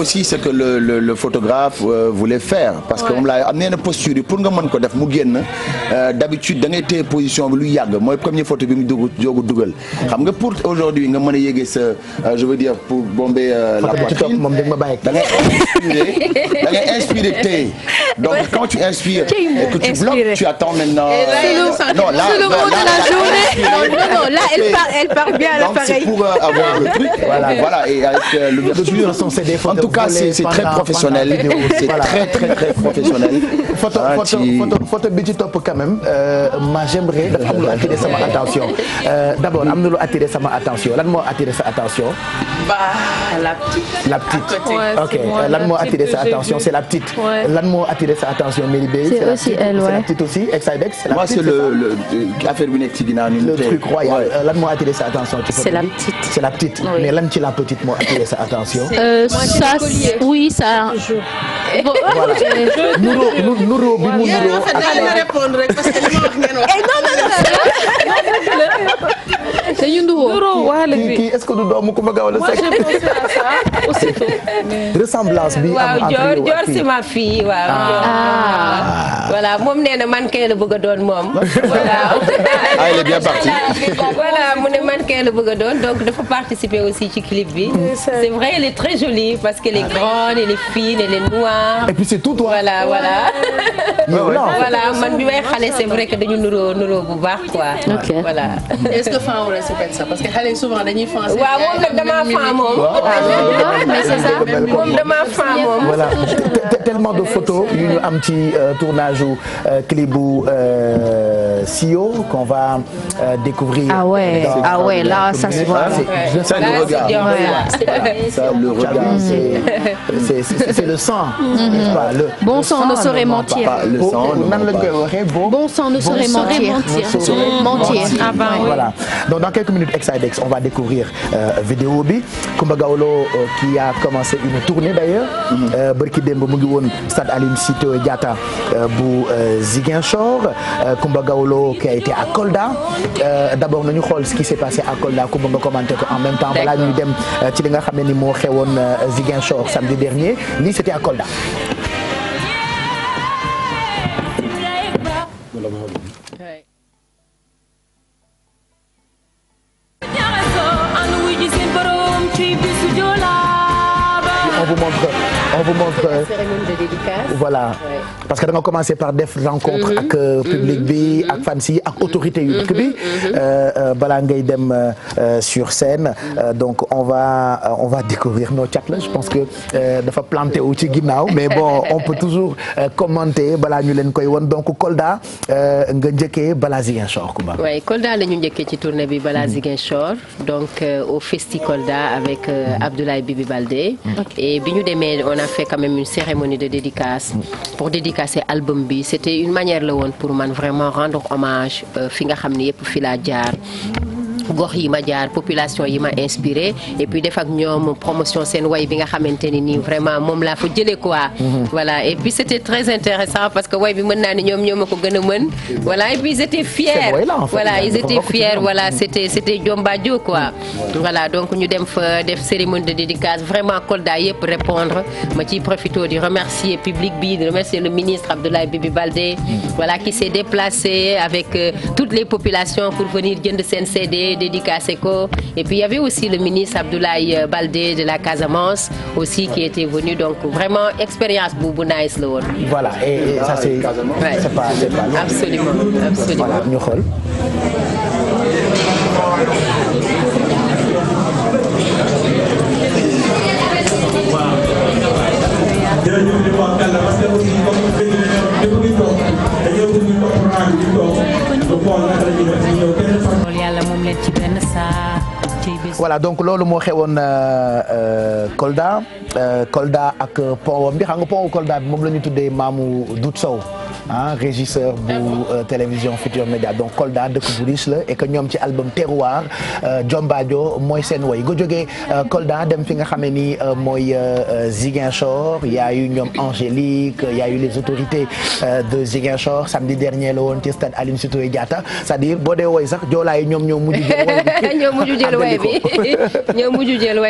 photographe euh, voulait faire parce ouais. que moom laa am posture pour nga mën ko def mu génn euh, d'habitude da position lu yàgg mooy première photo bi mu dugg joogu dugal xam nga pour aujourd'hui nga mën a yéegee sa euh, je veux dire pour bomber euh, la poitrine moom da nga ma bàyyi da ngay inspiré da ngay inspiré tey donc quand tu inspires et que tu bloques tu attends maintenant euh, non là le mot de la journée non non là elle part elle part bien à l'appareil donc c'est pour avoir le truc voilà photo ah, photo photo bi ci topp quand même euh, ma j'aimerais dafa am lu attiré sama attention euh, d'abord am na lu attiré sama attention lan moo attiré sa attention. bah la petite. la petite ok lan moo attiré sa attention c'est la petite. lan moo attiré sa attention Mary Bey. c'est aussi elle c'est la petite aussi Exidex. c'est la petite c'est le affaire bi nekk ci ginnaaw ni le truc royal euh, lan moo attiré sa attention. c'est la petite c'est la petite mais lan ci la petite moo attiré sa attention. ça oui ça. nuroo bi mu nuroo ak dañu eh, nuroo waale bi kii est-ce que du doomu Kumba Gawlo Seck. ressemblance bi am ak yow Dior c'est ma fille ah. waaw. voilà moom nee na mannequin la bëgg a doon moom. voilà. ah il est bien parti. voilà mu ne mannequin la bëgg a doon donc dafa participer aussi ci clip bi. c'est vrai elle est très jolie parce qu'elle est ah. grande elle est fine elle est noire. et puis c'est tout toi. voilà voilà. voilà man bi may xale c'est vrai que dañu nuroo nuroo bu baax quoi. voilà. est-ce que fan wala répète ça parce que xale souvent dañuy fan. waaw moom nag damaa fan moom. mais c'est ça moom damaa fan moom. voilà tellement de photos yu ñu am ci euh, tournage u euh, clip bu. Sio e qu'on va euh, découvrir. Ah, ah le regard. Ah, ça le regard, c'est le sang. Bon sang ne saurait mentir. Le sang, bon sang ne saurait mentir. Mentir. Ah voilà. Donc dans quelques minutes, Exidex, e on va euh, vidéo bi Coumba euh, qui a commencé une tournée d'ailleurs. Mm-hmm. bërki démb mu ngi woon stade Aline Sitoé Diatta Ziguinchor Coumba boulot qui a été à Kolda euh, d'abord nañu xool ce qui s'est passé à Kolda ku bëgg nga commenter ko en même temps balaa ñuy dem euh, ci li nga xam ne ni moo xewoon euh, Ziguinchor samedi dernier lii c'était à Kolda on vous montre on voilà parce que da nga commencé par def rencontre mhm. ak euh, public bi mhm. ak fans ak autorité yu dëkk bi mhm. Euh, euh, balaa ngay dem sur scène donc on va on va découvrir nos chat la je pense que dafa planter wu ci ginnaaw mais bon on peut toujours commenter balaa ñu len koy won donc Kolda nga njëkkee bala Ziguinchor waaye Kolda la ñu njëkkee ci tourne bi balaa Ziguinchor donc au Festi Kolda avec Abdoulaye Bibi Baldé et bi ñu demee a fait quand même une cérémonie de dédicace pour dédicacer album bi c'était une manière la woon pour man vraiment rendre hommage euh, fi nga xam ni yëpp fi laa jaar gox yi ma jaar population yi ma inspiré et puis def ñoom promotion seen way bi nga xamante ni moom laa fa jëlee quoi. Mhm. voilà et puis c' très intéressant parce que way bi mën naa ne ñoom ñoo gën a mën. voilà et puis ils étaient fiers. voilà ils étaient fiers mhm. mhm. donc ñu dem fa cérémonie de dédicace vraiment Kolda yëpp répondre ma ciy profité di remercier public bi di remercier le ministre Abdoulaye Bibi Baldé voilà qui s' déplacé avec euh, toutes les populations dédicacé ko et puis il y avait aussi le ministre Abdoulaye Baldé de la Casamance aussi qui était venu donc vraiment expérience bu bu nice la woon. voilà et, et ça c'est ouais. c'est pas c'est pas loin. absolument absolument voilà ñu xool. leen ci benn saa voilà donc loolu moo xewoon euh, euh, Kolda euh, Kolda ak pont bi xam nga pont Kolda bi moom la ñu tuddee maamu Dut Sow ah régisseur bu ah euh, télévision Futur Média donc Kolda dëkk bu riche la et ñoom ci album Terroir euh, Diombadio mooy seen woy nga jógee euh, Kolda dem fi nga xamee ni mooy Ziguinchor yaayu ñoom Angélique yaayu les autorités de Ziguinchor samedi dernier la woon ci stade Aline Sitoé c'est-à-dire boo dee woy sax joolaa yi ñoom ñoo mujj jël woy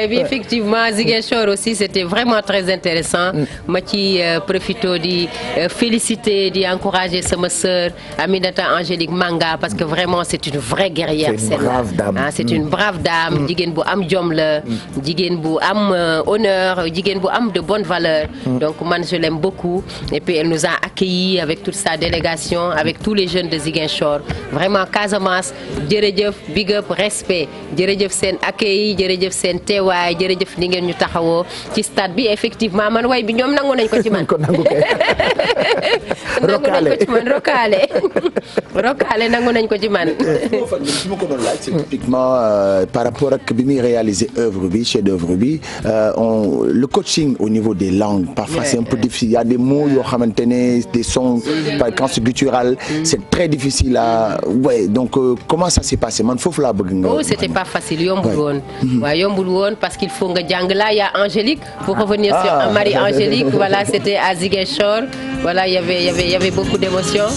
bi effectivement Ziguinchor aussi c'était vraiment très intéressant mm. ma ci profito di féliciter di encourager sama sœur Aminata Angélique Manga parce que vraiment c'est une vraie guerrière celle-là c'est une brave dame ah, mm. mm. jigéen bu am jom la mm. jigéen bu am euh, honneur jigéen bu am de bonnes valeurs donc man je l'aime beaucoup et puis elle nous a accueillis avec toute sa délégation avec tous les jeunes de Ziguinchor vraiment Casamance jërëjëf big up respect jërëjëf seen accueil jërëjëf seen teewaay jërëjëf ni ngeen ñu taxawoo ci bi effectivement man way bi ñoom nangu nañ ko rokaale rokaale rokaale nangu nañ ko ci man. su eh, eh, ma ko doon euh, par rapport ak bi muy réaliser œuvre bi chef d'œuvre bi euh, on le coaching au niveau des langues parfois c'est un peu yoo xamante ne des sons par conséquence culturelle c'est très difficile à ouais donc euh, comment ça s'est passé man foofu laa bëgg nga. oh c'était pas facile mhm. yombul woon. parce qu'il faut nga jàng là Angélique. pour revenir ah. sur Marie Angélique voilà c'était à Ziguinchor voilà y avait beaucoup d'émotions.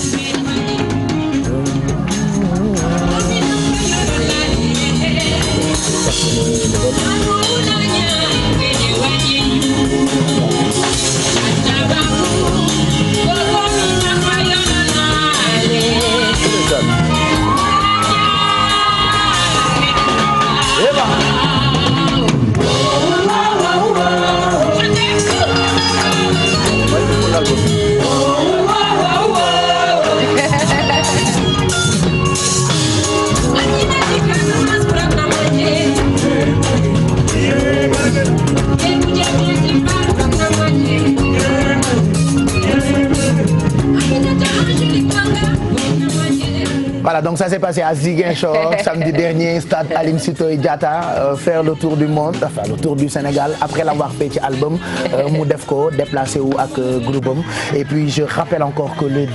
voilà donc ça s'est passé à Ziguinchor samedi dernier stade Aline Sitoé Diatta euh, faire le tour du monde enfin le tour du Sénégal après l'avoir fait album euh, mu def ko déplacé wu ak euh, groupe am et puis je rappelle encore que le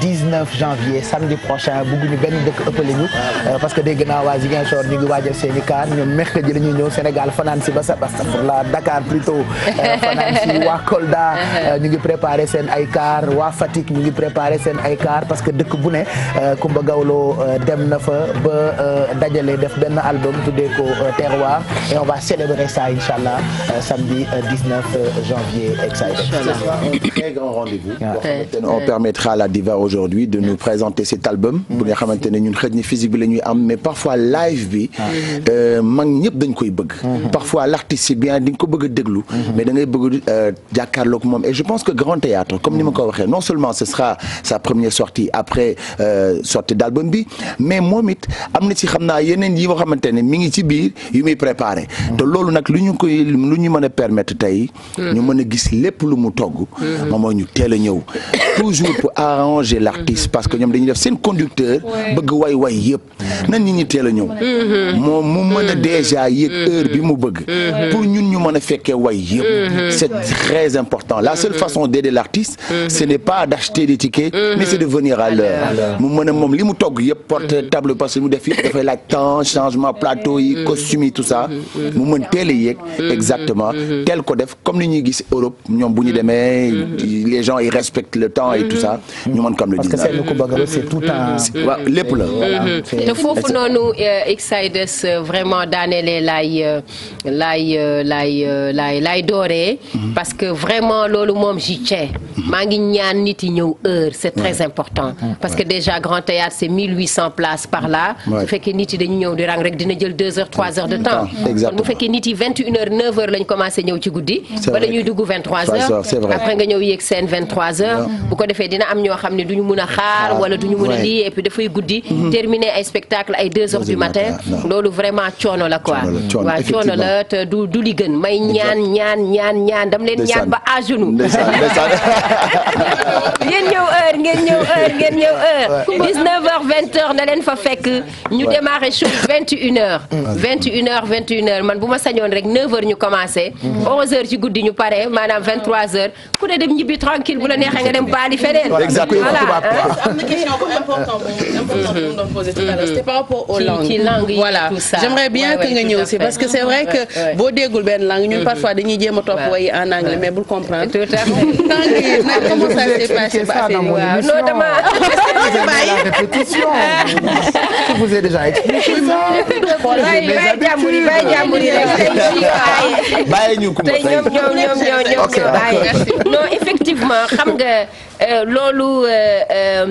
janvier samedi prochain bëgguñu benn dëkk ëppale ñu parce que dégg naa waa Ziguinchor ñu ngi waajal seen i la ñuy ñëw Sénégal fanaan si ba sa pour la Dakar plutôt fanaan si Kolda ñu ngi préparé seen ay kaar wa Fatick ñu ngi préparé seen ay kaar parce que dëkk bu ne dem na fa ba euh, dajale def benn album tuddee ko euh, terroir et on va célébrer ça incha allah euh, samedi 19 janvier. incha allah un très grand rendez-vous. on permettra à la diva aujourd'hui de nous présenter cet album. bu nga xamante ne ñun xëj na physique bi la ñuy am mais parfois live bi. mag ñëpp dañ koy bëgg. parfois l'artiste eh bien di nga ko bëgg a déglu. mais da ngay bëgg jàkkaarloog moom et je pense que grand théâtre comme ni ma ko waxee non seulement ce sera sa première sortie après sortie d'album bi. mais moom it am na ci xam naa yeneen yi nga xamante ne mi ngi ci biir yu muy préparé. te loolu nag lu ñu koy lu ñu mën a permettre tey. ñu mën a gis lépp lu mu togg. Mm-hmm. moom mooy ñu teel a ñëw. toujours pour arranger l' mhm. parce que ñoom dañuy def seen conducteur bëgg way mhm. mhm. déjà yëg heure bi mu bëgg pour ñun ñu mën a fekkee way yëpp c' est très important la seule façon d'aider l' ce n'est pas d'acheter des tickets mais c' est de venir à l'heure mu mën a li mu togg yëpp porte table parce que mu def yëpp dafay laaj temps changement plateau yi costume yi tout ça mu mën teel a yëg exactement teel ko def comme ni ñuy Europe ñoom bu ñu demee le talent et tout ça. ñu mën comme le 19 parce que Seydou Koubaga c'est tout la. Mm-hmm. Mm-hmm. te foofu noonu euh, X-Sides euh, vraiment daanelee laay euh, laay laay dooree. Mm-hmm. parce que vraiment loolu moom j'y tiens. maa ngi ñaan nit yi ñëw heure c'est très important. parce que déjà Grand Théâtre c'est 1800 places par là. su fekkee nit yi dañu ñëw di rang rek dina jël 2 heures 3 heures de temps. exactement bu fekkee nit yi 21 heures 9 heures lañ commencé ñëw ci guddi. c'est vrai bala ñuy après nga ñëw yéeg seen 23 ko defee dina am ñoo xam ne duñu mun a xaar wala du ñu mun a lii et puis dafay guddi mhm. terminer ay spectacle ay deux heures du matin loolu vraiment coono la quoi waaw coono la te du du li gën may ñaan ñaan ñaan ñaan dam leen ñaan ba à genoux ngeen ñëw heure ngeen ñëw heure ngeen ñëw heure 19 heures 20 fekk ñu démarrer show 21 heures 21 heures man bu ma sañoon rek 9 ñu commencé 11 mhm. heures ci guddi ñu pare maanaam ku ne dem ñibbi tranquille bu la neexee nga dem di feneen. voilà am na question bu important bu mu doon posé tout à l'heure. c'était par rapport aux langues. ci langue yi voilà j'aimerais bien que nga ñëw si parce que c'est vrai que boo déggul benn langue ñun mm-hmm. parfois dañuy jéem a topp wayi en anglais mais bul comprendre. tout à fait langue yi nag comment ça s'est passé ba non dama. je vous ai déjà expliqué ça. bàyyi ñu ko tey ñoom ñoom ñoom ñoom ñoom non effectivement xam nga Euh, loolu euh, euh,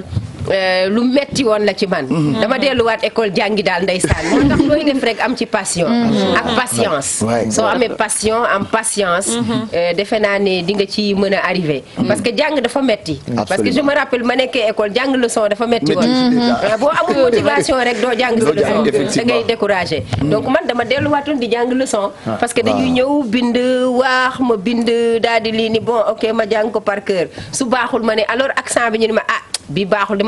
Euh, lu metti woon la ci man. Mhm. dama delluwaat école jàngi daal ndeysaan moo tax looy def rek am ci passion. Mhm. ak patience. soo amee passion am patience. Mhm. Euh, defe naa ne di nga ci mën a arrivé. parce que jàng dafa metti parce que je me rappelle ma nekkee école jàng leçon dafa metti woon. Euh, boo amul motivation rek doo jàng sa leçon da ngay découragé. donc man dama delluwaatoon di jàng leçon. Ah. parce que dañuy ñëw bind waax ma bind dal di lii ni bon ok ma jàng ko par cœur su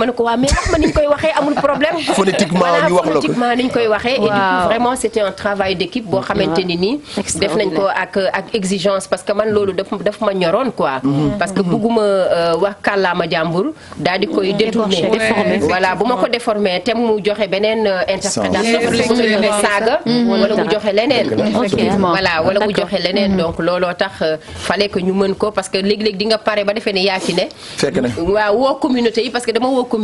ne ko waa mais wax ma ni ñu koy waxee amul problème. phonétiquement ñu wax la ko ni ñu koy waxee. et du vraiment c' un travail d' équipe boo xamante ni nii. def nañ ko ak ak exigence parce que man loolu daf daf ma ñoroon quoi. Mm-hmm. Mm-hmm. parce que bugguma euh, wax kàllaama jàmbur daal di koy détourner. voilà bu ma ko déformé te mu joxe beneen euh, interprétation. saaga mm-hmm. wala mu joxe leneen. voilà wala mu joxe leneen donc looloo tax euh, fale ko ñu mën ko parce que léeg-léeg di nga pare ba defee ne yaa ci ne.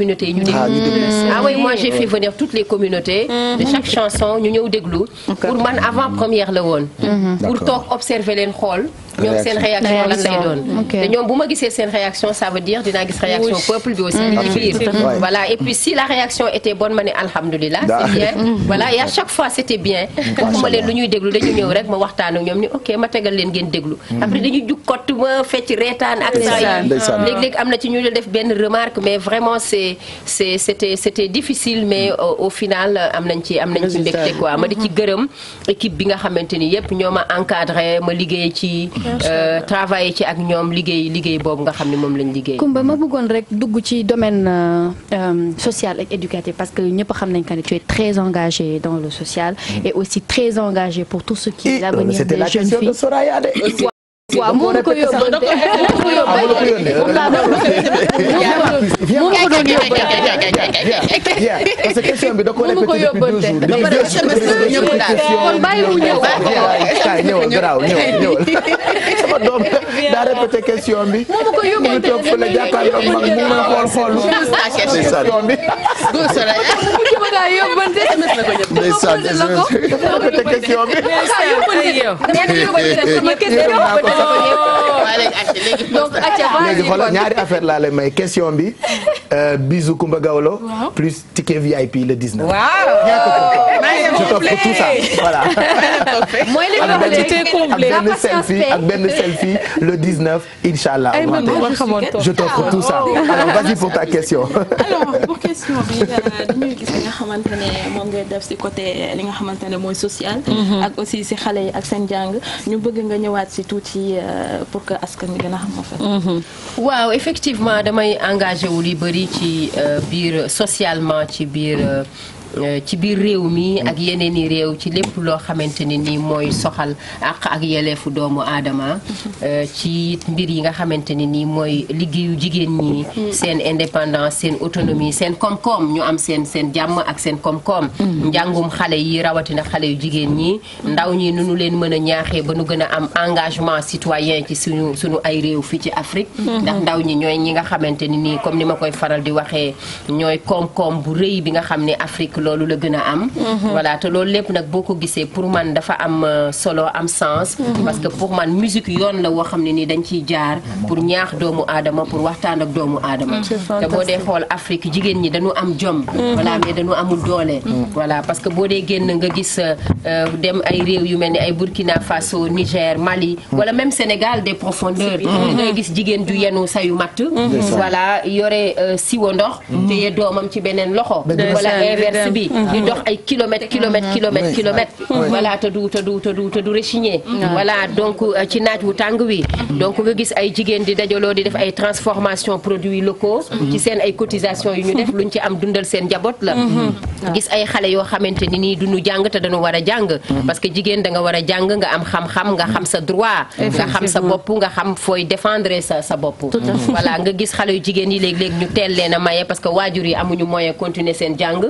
yi ñu déglu. ah, mm. ah oui moi venir toutes les communautés. de mm-hmm. chaque chanson ñu ñëw déglu. pour man avant mm-hmm. première la woon. Mm-hmm. pour toog observer leen xool. ñoom seen réaction lan lay te ñoom bu ma gisee seen réaction ça veut dire dinaa gis réaction peuple bi aussi. voilà et puis si la réaction était bonne ma ne alhamdulilah. c'est bien voilà et à chaque fois c'était bien. waxuma leen lu ñuy déglu dañu ñëw rek ma waxtaan ñoom ni ok ma tegal leen ngeen déglu. après dañuy c'est c'est c'était c'était difficile mais mm. au final am nañ ci am nañ ci mbégte quoi ma di ci mm-hmm. gërëm équipe bi nga xamante ni yëpp ñoo ma encadré ma liggéey ci euh, travaillé ci ak ñoom liggéey liggéey boobu nga xam ne moom lañ liggéey Kumba ma bëggoon rek dugg ci domaine euh, euh, social et éducatif parce que ñëpp xam nañ que tu es très engagé dans le social mm. et aussi très engagé pour tout ce qui est l'avenir des jeunes filles waaw moo ko yóbbante moo ko doon yóbbante question bi da ko répété depuis deux jours da ko répété kon bàyyiwu ñëw ñëwal garaaw ñëwal ñëwal sama doom daa répété question bi moo ko yóbbante toog fële jàkkaarloo mag mu ngi xool xool question bi ndeysaan question bi Oh. donc léegi xoolal ñaari affaire laa lay may question bi euh, bisu Kumba Gawlo. plus ticket VIP le 19. waaw je t'offre ak benn le 19 incha allah. je t'offre tout ça oh. alors vas pour ta question. alors pour question bi euh, dañuy gis nga xamante ne mooy social. Mhm. ak aussi si xale yi ak seen ñu bëgg nga ñëwaat si tuuti. ci euh, pour que askan wi gën a xam en fait. Mhm. waaw effectivement damay engagé wu li bëri ci euh, biir socialement ci biir. Euh, Euh, ci biir réew mi ak yeneen i réew ci lépp loo xamante ne nii mooy soxal àq ak yeleefu doomu aadama euh, ci mbir yi nga xamante ne nii mooy liggéeyu jigéen ñi seen indépendance seen autonomie seen koom-koom ñu am seen seen jàmm ak seen koom-koom njàngum xale yi rawatina xale yu jigéen ñi ndaw ñi nu nu leen mën a ñaaxee ba nu gën a am engagement citoyen ci suñu suñu ay réew fii ci Afrique ndax ndaw ñi ñooy ñi nga xamante nii comme ni ma koy faral di waxee loolu la gën a am. Mhm. voilà te loolu lépp nag boo ko gisee pour man dafa am euh, solo am sens. Mhm. parce que pour man musique yoon la woo xam ne ni dañ ciy jaar pour ñaax doomu aadama pour waxtaan ak doomu aadama. Mhm. te boo dee xool Afrique jigéen ñi dañu am jom. voilà mais dañu amul doole. voilà parce que boo dee génn nga gis euh, euh, dem ay réew yu mel ni ay Burkina Faso Niger Mali. wala même Sénégal des profondeurs. li ngay gis jigéen ju yenu sayu matt. voilà yore siwo ndox. téye doomam ci beneen loxo. wala inverse bi di mhm. dox ay kilomètres kilomètres mhm. kilomètres kilomètres voilà te du te du te du réchigné mhm. voilà donc euh, ci naaj wu tàng wi donc nga gis ay jigéen di dajaloo di def ay transformation produits locaux ci seen ay cotisation yu ñu def lu ñu ci am dundal seen njaboot la gis ay xale yoo xamante ni nii duñu jàng te dañu war a jàng parce que jigéen da nga war a jàng nga am xam-xam nga xam sa droit nga xam sa bopp nga xam fooy défendre sa sa bopp voilà nga gis xale yu jigéen yi léeg-léeg ñu teel leen a seen jàng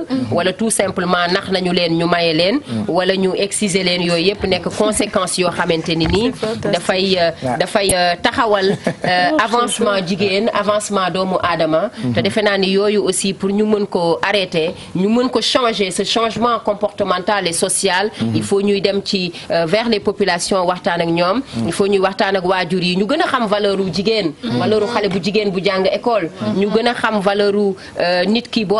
tout simplement nax nañu leen ñu maye leen mm. wala ñu exciser leen yooyu yëpp nekk conséquence yoo xamante ni nii dafay euh, dafay euh, taxawal euh, avancement jigéen avancement doomu aadama mm-hmm. te defe naa ni yooyu aussi pour ñu mën ko arrêter ñu mën ko changer ce changement comportemental et social mm-hmm. il faut ñuy dem ci vers les populations waxtaan ak ñoom mm. il faut ñuy waxtaan ak waajur yi ñu gën a xam valeur u jigéen mm. valeur xale bu jigéen bu jàng école ñu gën a xam valeur ki boo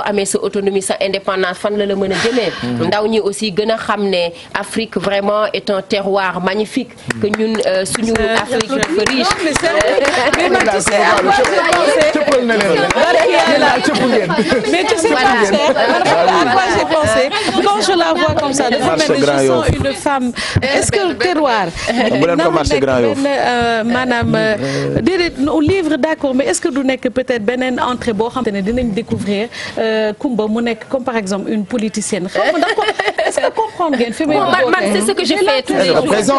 fan la la mën a jëmee. Mm-hmm. ndaw ñi aussi gën a xam ne Afrique vraiment est un terroir magnifique. Mm-hmm. que ñun euh, suñu Afrique dafa riche. mais tu sais quand je la vois comme ça dafa mel ni je sens une femme est-ce que le terroir. bu leen ko marché Grand Yoff euh, maanaam mm-hmm. euh, déedéet livre d'accord mais est-ce que du nekk peut-être beneen entrée boo xam te ne dinañ découvrir Kumba mu nekk comme par exemple. comme une politicienne xaw ma ndax est-ce que comprendre ngeen fi muy. man c'est ce que je fais tous les jours voilà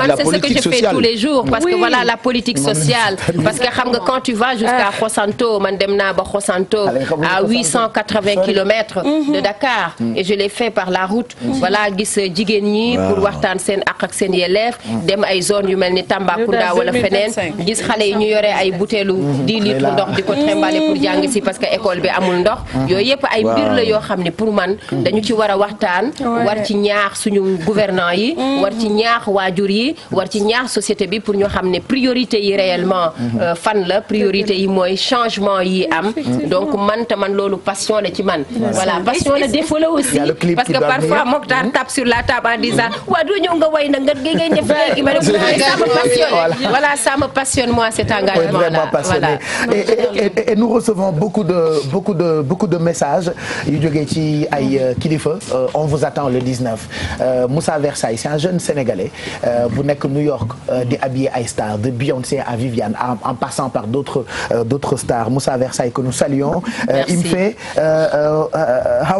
man c'est ce que je fais tous les jours. parce que voilà la politique sociale. parce que xam nga quand tu vas jusqu'à Xosanto ah. man dem naa ba Xosanto à 880 kilomètres de mhm. Dakar. Mm. et je l'ai fait par la route. Mm. voilà gis jigéen ñi pour waxtaan seen ak ak seen yelleef. Mm. dem ay zone yu mel ni Tambacounda wala feneen gis xale yi ñu yore ay butéelu 10 litres ndox di ko trimballer pour jàng si parce que école bi amul ndox. yooyu yëpp ay mbir la yoo xam ne pour man dañu ci war a waxtaan war ci ñaax suñu gouvernant yi mm. war ci ñaax waajur yi war ci ñaax société bi pour ñu xam ne priorité yi réellement mm-hmm. euh, fan la priorité yi mooy changement yi am donc man te man loolu passion la ci man voilà passion la défaut la aussi parce que parfois Mokhtar mm-hmm. tape sur la table en disant mm-hmm. waa doo ñëw nga way na nga ngay def léegi ma ne ça me passionne voilà ça me passionne moi engagement là voilà et nous recevons beaucoup de messages yu jógee ci ci ay euh, kilifa euh, on vous attend le euh, Moussa Versailles c'est un jeune sénégalais bu nekk New York di habillé ay stars de Beyoncé à Viviane en passant par d'autres d'autres stars Moussa Versailles que nous saluons il me fait how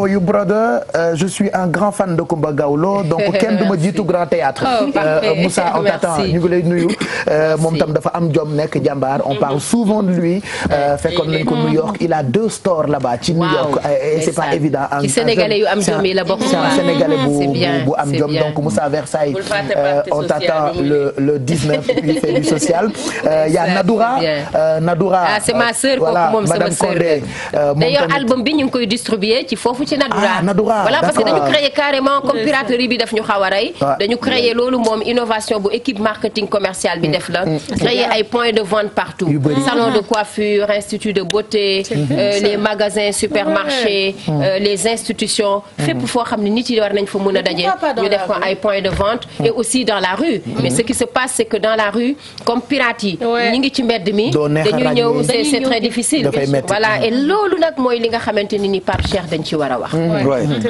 are de Kumba Gawlo donc kenn du ma jiitu grand théâtre oh, Moussa on t'attend ñu ngi lay nuyu moom tam dafa am jom nekk jàmbaar on parle mhm. souvent de lui fekkoon nañ ko mm-hmm. New York il a deux stores là-bas ci New York et c'est pas évident ci sénégalais yu am jom la bokk c'est un sénégalais sa bu am jom donc Moussa Versailles euh, on t'attend le le 19 social euh, y a Nadoura euh, Nadoura ah, c'est ma sœur kooku moom sama d'ailleurs album bi ñu ngi koy distribuer ci foofu ci Nadoura ah, Nadoura voilà parce que dañu créer carrément comme piraterie bi daf ñu xaw a rey dañu créer loolu moom innovation bu équipe marketing commercial bi mm. def la mm. créer mm. ay points de vente partout salon de coiffure institut de beauté les magasins institutions. fépp mhm. foo xam ne nit yi war nañ fa mun a daje. ñu def ko ay points de vente. Mhm. aussi dans la rue. Mhm. mais ce qui se passe c'est que dans la rue comme pirates yi. ñi ngi ci mbedd mi. dañuy ñëw c'est c'est très difficile. voilà loolu nag mooy li nga xamante ni ni Pape Cheikh dañ ci war a wax.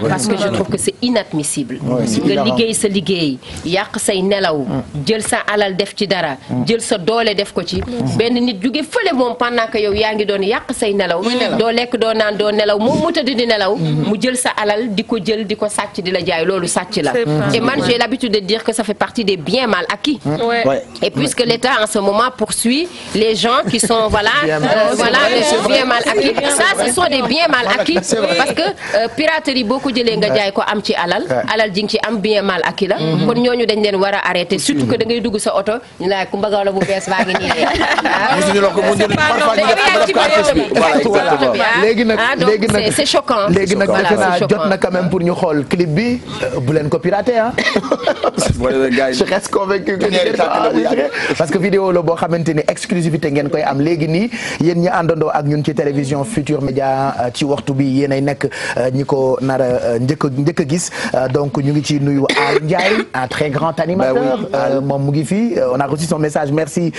parce que je trouve que c'est inadmissible. nga liggéey sa liggéey yàq say nelaw. Mm. jël sa alal def ci dara. Mm. jël sa doole def ko ci. Mm. benn nit jóge fële moom pendant que yow yaa ngi doon yàq say nelaw. doo lekk doo naan doo nelaw moom mu tëdd di nelaw. Mm-hmm. mu jël sa alal di ko jël di ko sàcc di la jaay loolu sàcc la et man j'ai l'habitude de dire que sa fait partie des biens mal acquis mmh. et puisque l'État en ce moment poursuit les gens qui sont voilà voilà les biens mal euh, acquis ça ce sont des biens mal acquis parce que euh, piraterie boo ko jëlee nga jaay ko am ci alal alal ji nga ci am bien mal acquis la mmh. kon ñooñu dañ leen war a arrêté surtout que da ngay dugg sa oto ñu laaj ku mbagaw la bu bees baa ngi nii de ah. voilà c'est jot na quand même pour ñu xool clip bi euh, bu leen ko pirater ah. je reste convaincu que ah, parce que vidéo la boo xamante ni exclusivité ngeen koy am léegi nii yéen ñi àndandoo ak ñun ci télévision Futur Média euh, ci waxtu bi yéen ay nekk euh, ñi ko nar a njëkk njëkk a gis donc ñu ngi ci nuyu Al Ndiaye un très grand animateur. moom mu ngi fii on a reçu son message merci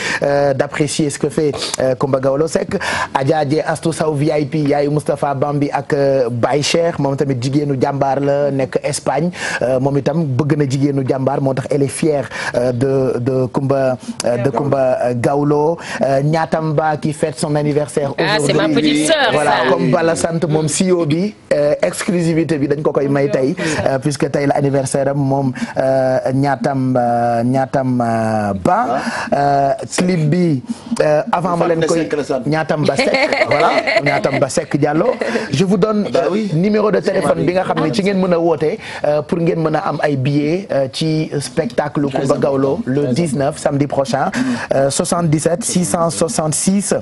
d'apprécier ce que fait Coumba Gawlo Seck Adja Dieng Astou Sow VIP yaayu Moustapha Bambi ak Baye Cheikh moom tamit jigéenu jàmbaar la nekk Espagne euh, moom itam bëgg na jigéenu jàmbaar moo tax elle est euh, de de Kumba euh, de Kumba Gawlo Ñaatamba qui fête son anniversaire aujourd'hui ah c'est ma sant moom CEO bi exclusivité bi dañ ko koy may tey puisque tey la anniversaire am moom ñaatam ñaatam ba ah. clip bi avant ma leen koy ñaatam ba sec voilà ñaatam ba sec Diallo je vous donne numéro de téléphone bi nga xam ne ci ngeen mën a wootee euh, pour ngeen mën a am ay billets euh, ci spectacle Coumba Gawlo le 19 samedi prochain 77 666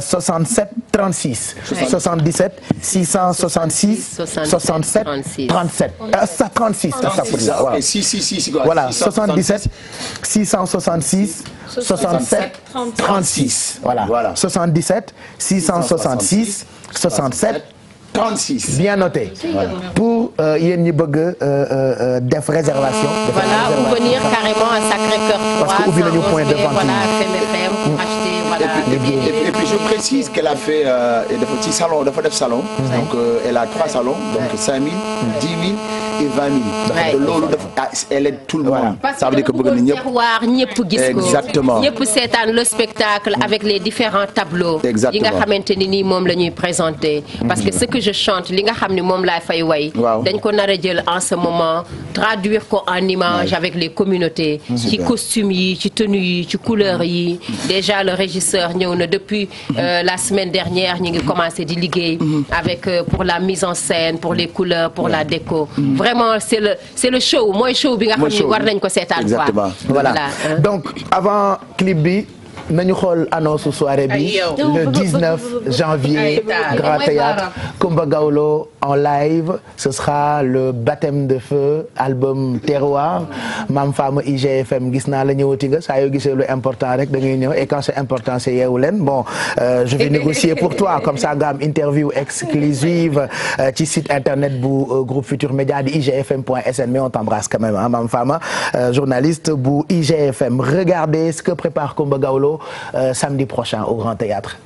67 36 77 666 67 voilà 77 36 bien noté voilà. Euh, pour euh, yéen ñi bëgg euh, def def voilà réservation. parce que ubbi nañu point de vente voilà CMFM mm. ci salon dafa def salon. a trois salons donc et 20 000. dafa loolu dafa ah, elle tout le monde. ça veut dire que bëgg na ñëpp parce que ñëpp gis ko. exactement ñëpp seetaan le spectacle mm. avec les différents tableaux. exactement yi nga xamante ni nii moom la ñuy présenter. parce que mm. ce que je chante li nga xam ne moom laay fay way. dañ ko nar a jël en ce moment traduire ko en image avec les communautés. Mm, ci costume yi ci tenue yi ci couleur yi déjà le régisseur ñëw na depuis euh, la semaine dernière ñu ngi commencé di liggéey. avec euh, pour la mise en scène pour les couleurs pour la déco. vraiment c'est le c'est le show mooy show bi nga xam ne war nañ ko seetaan quoi. exactement voilà donc avant clip bi. nañu xool annonce soirée bi le 19 janvier Grand Théâtre Kumba Gawlo en live ce sera le baptême de feu album terroir Mam Fama IGFM gis naa la ñëwati nga saa yoo gisee lu important rek da ngay ñëw et quand c'est important c'est yeewu leen bon euh, je vais négocier comme ça nga am interview exclusive euh, ci euh, site internet bu euh, groupe Futur Média di igfm.sn mais on t'embrasse quand même euh, journaliste bu IGFM regardez ce que prépare Kumba Gawlo vidéo euh, samedi prochain au Grand Théâtre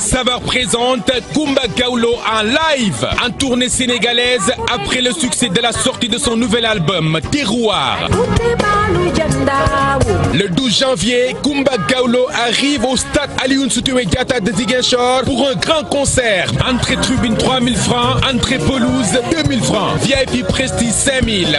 Saveur présente Kumba Gawlo en live en tournée sénégalaise après le succès de la sortie de son nouvel album Terroir. Le janvier, Kumba Gawlo arrive au stade Alioune Sitoé Diatta de Ziguinchor pour un grand concert. Entrée tribune francs, entrée pelouse francs, VIP prestige 5000.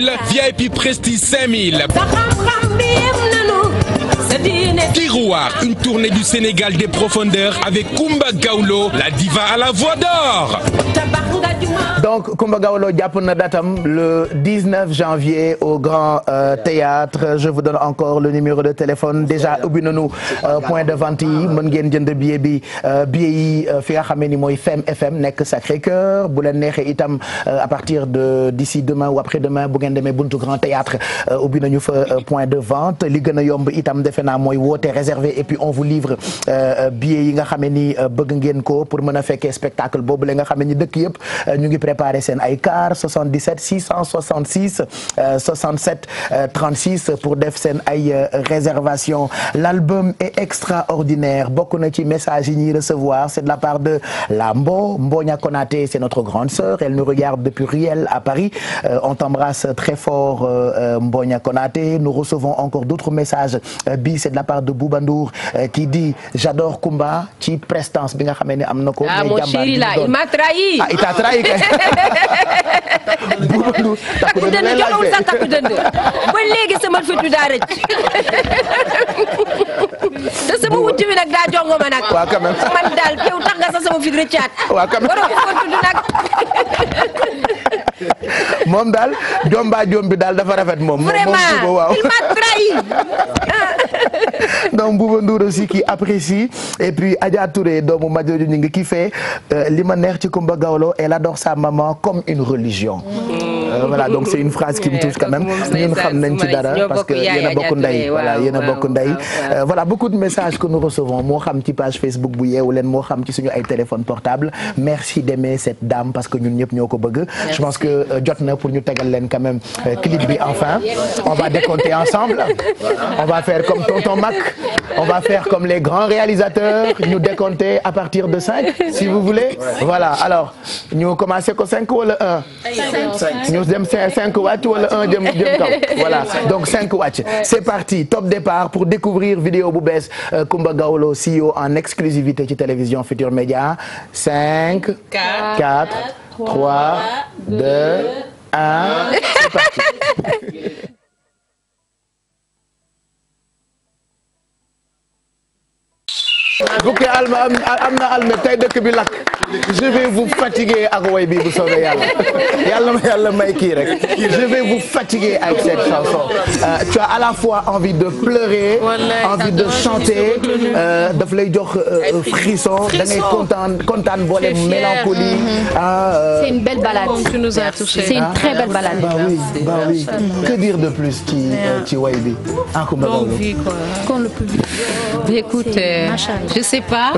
5000 VIP Prestige 5000 Tiroir, une tournée du Sénégal des profondeurs avec Kumba Gawlo, la diva à la voix d'or. Donc au Grand euh, Théâtre. Je vous encore le numéro de téléphone déjà ubbi nañu euh, point de vente yi mën ngeen jënd billet bi euh, billet euh, fi nga xam ni mooy Femme FM nekk sacré bu leen neexee itam à partir de d'ici demain ou après bu ngeen demee buntu Grand Théâtre ubbi nañu fa point de vente li gën a yomb itam defe naa mooy woote réservé et puis on vous livre euh, euh, yi nga xam ne ni euh, bëgg ngeen ko pour mën a fekkee spectacle boobu la nga xam ni dëkk yëpp ñu ngi préparé seen ay car 77 666 67 36 pour def seen ay réservation l'album est extraordinaire bokk na ci message yi ñuy recevoir c'est de la part de la Mbo Mboña Konaté c'est notre grande sœur elle nous à Paris on t'embrasse très fort Mboña Konaté nous recevons encore d'autres messages bi c'est de la part de Bouba euh, qui dit j'adore Kumba ci prestance bi nga xamee ne am na ko. ah mon chéri là il m'a trahi. Ah, il t'a trahi kay. Bouba Ndour takku dënd jolowul sax takku dënd ba léegi sama fitu nag daa jongo ma nag. waaw quand même man tax nga sax sama fit rëccaat. waaw quand même waroon ko nag. moom daal jomba jom bi daal dafa rafet moom. moom moom il m'a trahi. donc Bouba Ndour aussi qui apprécie et puis Adja Touré doomu Madiodio ñu ngi kii euh, li ma neex ci Kumba Gawlo elle adore sa maman comme une religion. Euh, voilà donc c'est une phrase qui me touche quand même ñun xam nañ ci dara parce que bokk ndey voilà yéen bokk ndey voilà beaucoup de messages que nous recevons moo xam ci page Facebook bu yeewu leen moo xam ci suñu ay téléphone portable merci d'aimer cette dame parce que ñun ñëpp ñoo ko bëgg je pense que euh, jot na pour ñu tegal leen quand même euh, clip bi enfin on va décompter ensemble comme tonton va faire comme les grands réalisateurs ñu décompter à partir de cinq si vous voulez voilà alors ñu commencer ko cinq wala un. ñu dem cinq wàcc wala un jëm voilà donc cinq wàcc c'est parti top départ pour découvrir vidéo bu bees euh, Coumba Gawlo CEO en exclusivité ci télévision Futur Média cinq quatre trois deux un c'est parti bukki alma am na almet tey dëkk bi lakk je vais vous fatiguer ak way bi bu soobee yàlla yàlla ma yàlla may kii rek je vais vous fatiguer avec cette chanson euh, tu as à la fois envie de pleurer envie de chanter euh, daf lay jox euh, frisson da ngay kontaan kontaan boole mélancolie mm-hmm. ah, c'est une belle balade c'est une très belle balade bah oui bah oui que dire de plus ci ci way bi ah je sais pas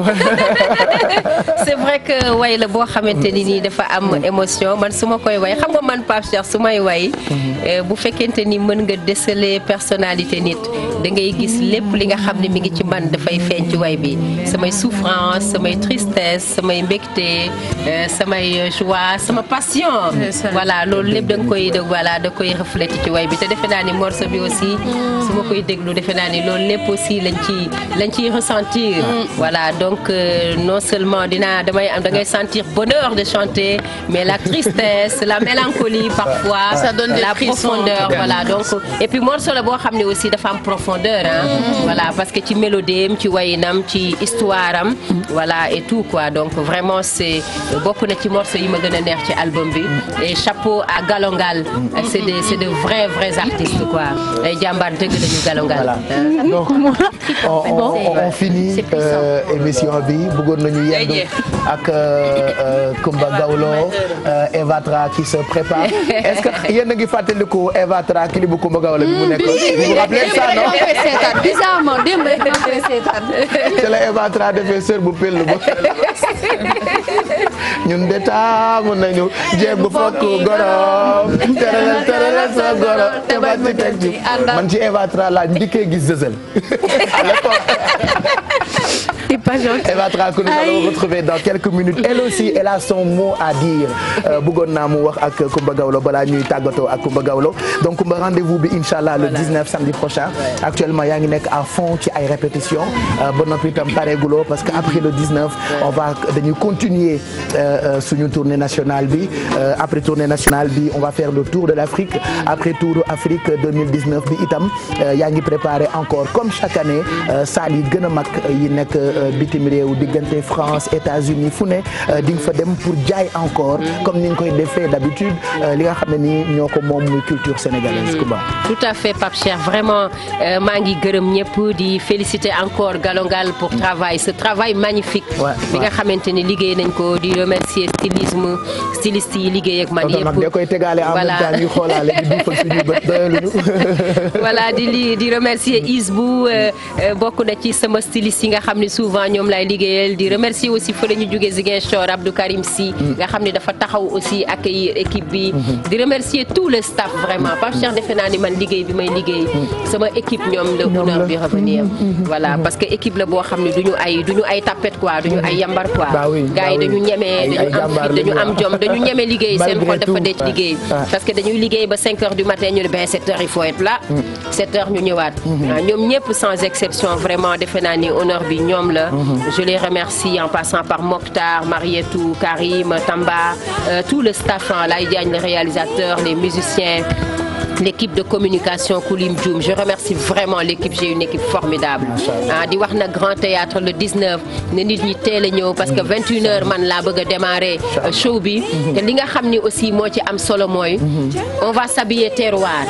c'est vrai que way la boo xamante ni nii dafa am émotion man su ma koy way xam nga man Pape Cheikh su may woy mhm. eh, bu fekkente ni mën nga déceler personnalité nit da ngay gis lépp li nga xam ne mi ngi ci man dafay feeñ ci way bi samay souffrance samay tristesse samay mbégte eh, samay joie sama passion voilà loolu lépp da koy dëgg voilà da koy refléter ci way bi te defe naa ni morceau bi aussi su ma koy déglu defe naa ni loolu lépp aussi lañ ci lañ ciy ressentir mm, voilà donc euh, non seulement dinaa damay am da ngay sentir bonheur de chanter mais la tristesse la mélancolie parfois. la profondeur voilà donc et puis morceau la boo xam ne aussi dafa am profondeur ah. voilà parce que ci mélodiem ci wayinam ci histoire am. Mm-hmm. voilà et tout quoi donc vraiment c'est bokk na ci morceau yi ma gën a neex ci album bi mm-hmm. et chapeau à Galongal. c'est de c'est de vrais vrais artistes quoi ay jàmbaar dëgg lañu Galongal. voilà euh, donc on, on, on, on finit. Euh, émission bi bëggoon nañu yendu ak euh, euh, Kumba Gawlo Eva Tra qui se prépare est-ce que yéen a ngi fàttaliku Eva Tra clip bu Kumba Gawlo bi mu mm, nekk vous vous rappelez ça non bizarrement démb rek c'est la Eva Tra defee sœur bu pellu ba ñun de taamu nañu jéegu fokk gorom teralal teralal sa goro te gis zëzël à l'époque T'es pas gentil. a son euh, naa mu wax ak Coumba Gawlo balaa ñuy tàggatoo ak Coumba Gawlo donc Coumba rendez-vous bi inchallah le 19 samedi prochain yaa ngi nekk à fond ci ay répétitions euh, ba noppi itam pareeguloo parce que après le 19 dañuy continuer euh, Euh, euh, suñu tournée nationale bi euh, après tournée nationale bi on va faire le tour de l'Afrique après tour Afrique 2019 bi itam yaa ngi préparé encore comme chaque année salle yi gën a yi nekk bitim réew diggante France États-Unis fu ne fa dem pour jaay encore mm. comme ni nga koy defee d'habitude li nga xam ne nii ñoo ko moom muy culture sénégalaise Kumba mm. tout à fait Pape vraiment maa gërëm ñëpp di féliciter encore Galongal pour mm. travail ce travail magnifique remercier yi liggéey ak man yëpp voilà voilà di li di remercier bu euh, euh, bokk na ci sama styliste yi nga xam ne souvent ñoom lay liggéeyal di remercier aussi fële ñu jógee Ziguinchor Abdou Karim si mm. nga xam ne dafa taxaw aussi ak équipe bi mm-hmm. di remercier tout les staff vraiment mm-hmm. Pape Cheikh defe naa ni man liggéey bi may liggéey mm-hmm. sama équipe ñoom la honneur bi parce que équipe la boo xam ne duñu ay duñu ay tapette quoi duñu ay yambar quoi gars yi dañu ñemee dañu am dañu am jom dañu ñeme liggéey seen xol dafa dee ci liggéey parce que dañuy liggéey ba 5 heures du matin ñu ne ben 7 heures il faut être là 7 mm. heures ñu ñëwaat mm-hmm. ah, ñoom ñëpp sans exception vraiment defe naa ni honneur bi ñoom la mm-hmm. je les remercie en passant par Mokhtar Marietou Karim Tamba euh, tout le staff Laye Diagne le réalisateur les musiciens l'équipe de communication Koulim Djoum je remercie vraiment l'équipe j'ai une équipe formidable ah, di wax nag grand théâtre le 19 ne nit ñi teel a ñëw parce que 21 mm-hmm. heures man laa bëgg a démarrer euh, show bi mm-hmm. te li nga xam ni aussi moo ci am solo mooy mm-hmm. on va s'habiller terroir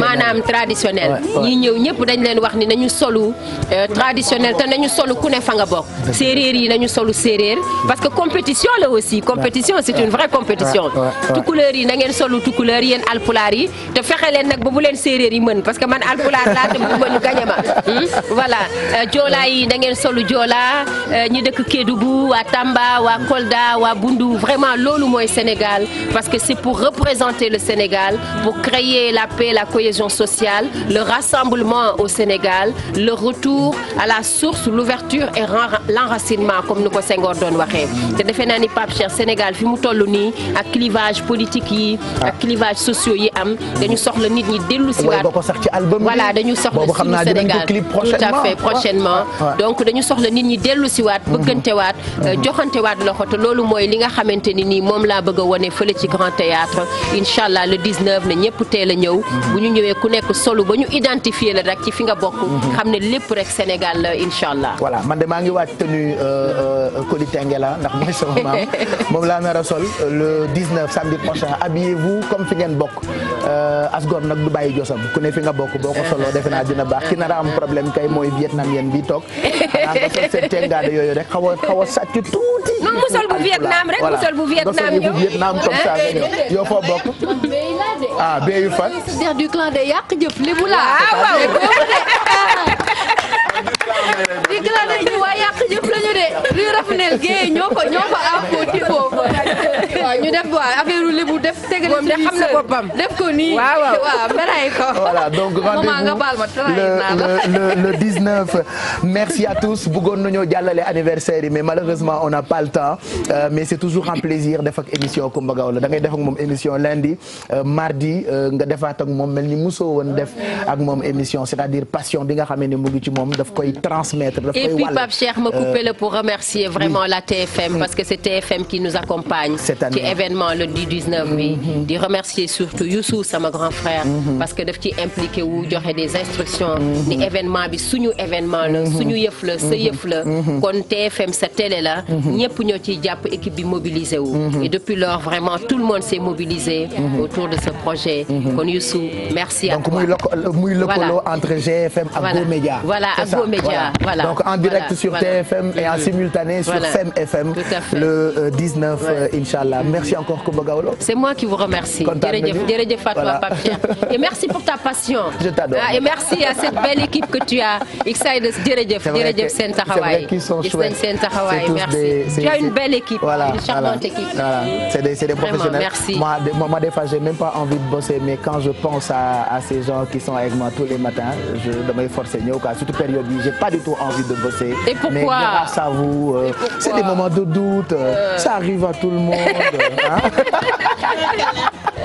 maanaam traditionnel ñi ñëw ñëpp dañ leen wax ni nañu solu euh, traditionnel te ñu solu ku ne fa nga bokk séeréer yi nañu solu séeréer parce que compétition la aussi compétition c'est une vraie compétition na ngeen solu tukuleur yéen alpulaar yi te fexe leen nag ba bu leen séeréer yi mën parce que man alpulaar laa te bëgguma ñu ma hmm? voilà euh, joolaa yi da ngeen solu joolaa euh, ñi dëkk Kédougou waa Tamba waa Kolda waa Bundu vraiment loolu mooy Sénégal parce que c'est pour représenter le Sénégal pour créer la paix la cohésion sociale le rassemblement au Sénégal le retour à la source l'ouverture et l'enracinement comme ni ko Senghor doon waxee te defe naa ni Pape Cheikh Sénégal fi mu toll nii ak clivage politique yi ak yi am dañu soxla nit ñi dellu si waat ko sax ci album voilà dañu xam suñu Sénégal tout à fait prochainement dañu soxla nit ñi dellu si waat bëggante waat mhm. euh, joxante waat loxo te loolu mooy li nga xamante ni nii moom laa bëgg a wone fële ci Grand Théâtre incha allah le 19 na ñëpp teel ñëw mhm. bu ñu ñëwee ku nekk solo ba ñu identifier la rek ci fi nga bokk mhm. xam ne lépp rek Sénégal la incha allah voilà man de maa ngi waaj tenue Koli euh, euh, Tengela ndax mooy sama maam moom laa nar a sol le samedi prochain habillez-vous Euh, asgor nag du bàyyi josam ku ne fi nga bokk boo ko soloo defe naa dina baax ki nar a am problème kay mooy vietnamien bi toog xanaa nga sol seen tengaade yooyu rek xaw a a sàcc tuuti non mu sol bu vietnam rek mu sol bu vietnam bu vietnam comme ça bokk ah béyu fan du clan des yàq jëf li bu laa ah, di gëlaat ak waa yàq yëpp la ñu de rue Ravenel Guèye ñoo ko ñoo ko ci foofu waaw ñu def waa affaire Lébu def tegale ci xam na boppam def ko nii waaw meray ko voilà donc rendez-vous nga baal ma le le 19 merci à tous bëggoon nañoo jàllale anniversaire yi mais malheureusement on n'a pas temps euh, mais c'est toujours un plaisir def émission Coumba Gawlo da ngay def moom émission lundi euh, mardi euh, nga defaat ak moom mel ni musoo woon def ak moom émission c'est-à-dire passion bi nga xamee ne moom daf transmettre. dafay wàll et puis Pape Cheikh ma euh, coupé la pour remercier vraiment la TFM parce que c'est TFM qui nous accompagne. ci événement le 10 19 bi. Mm-hmm. di remercier surtout Youssou sama grand frère. Mm-hmm. parce que daf ci impliqué wu joxe des instructions. Mm-hmm. ni événement bi suñu événement la. suñu yëf la sa yëf la. kon TFM sa télé la. ñëpp ñoo ciy jàpp équipe bi mobilisé wu. et depuis lors vraiment tout le monde s'est mobilisé. autour de ce projet. kon Youssou merci voilà, donc en direct voilà, sur voilà. TFM et en mm-hmm. simultané sur Fem FM le 19 euh, ouais. Euh, inchallah mm-hmm. merci encore Coumba Gawlo c'est moi qui vous remercie jërëjëf jërëjëf Fatma Pape Cheikh et merci pour ta passion je t'adore ah, et merci à cette belle équipe que tu as X-Siders jërëjëf jërëjëf seen taxawaay gis nañ seen taxawaay merci tu une belle équipe c'est quand je pense à ces gens qui sont avec moi tous les matins je damay forcer ñëw quoi surtout période yi j'ai du tout envie de bosser. Et pourquoi mais grâce à vous. Euh, c'est des moments de doute. Euh... Ça arrive à tout le monde. hein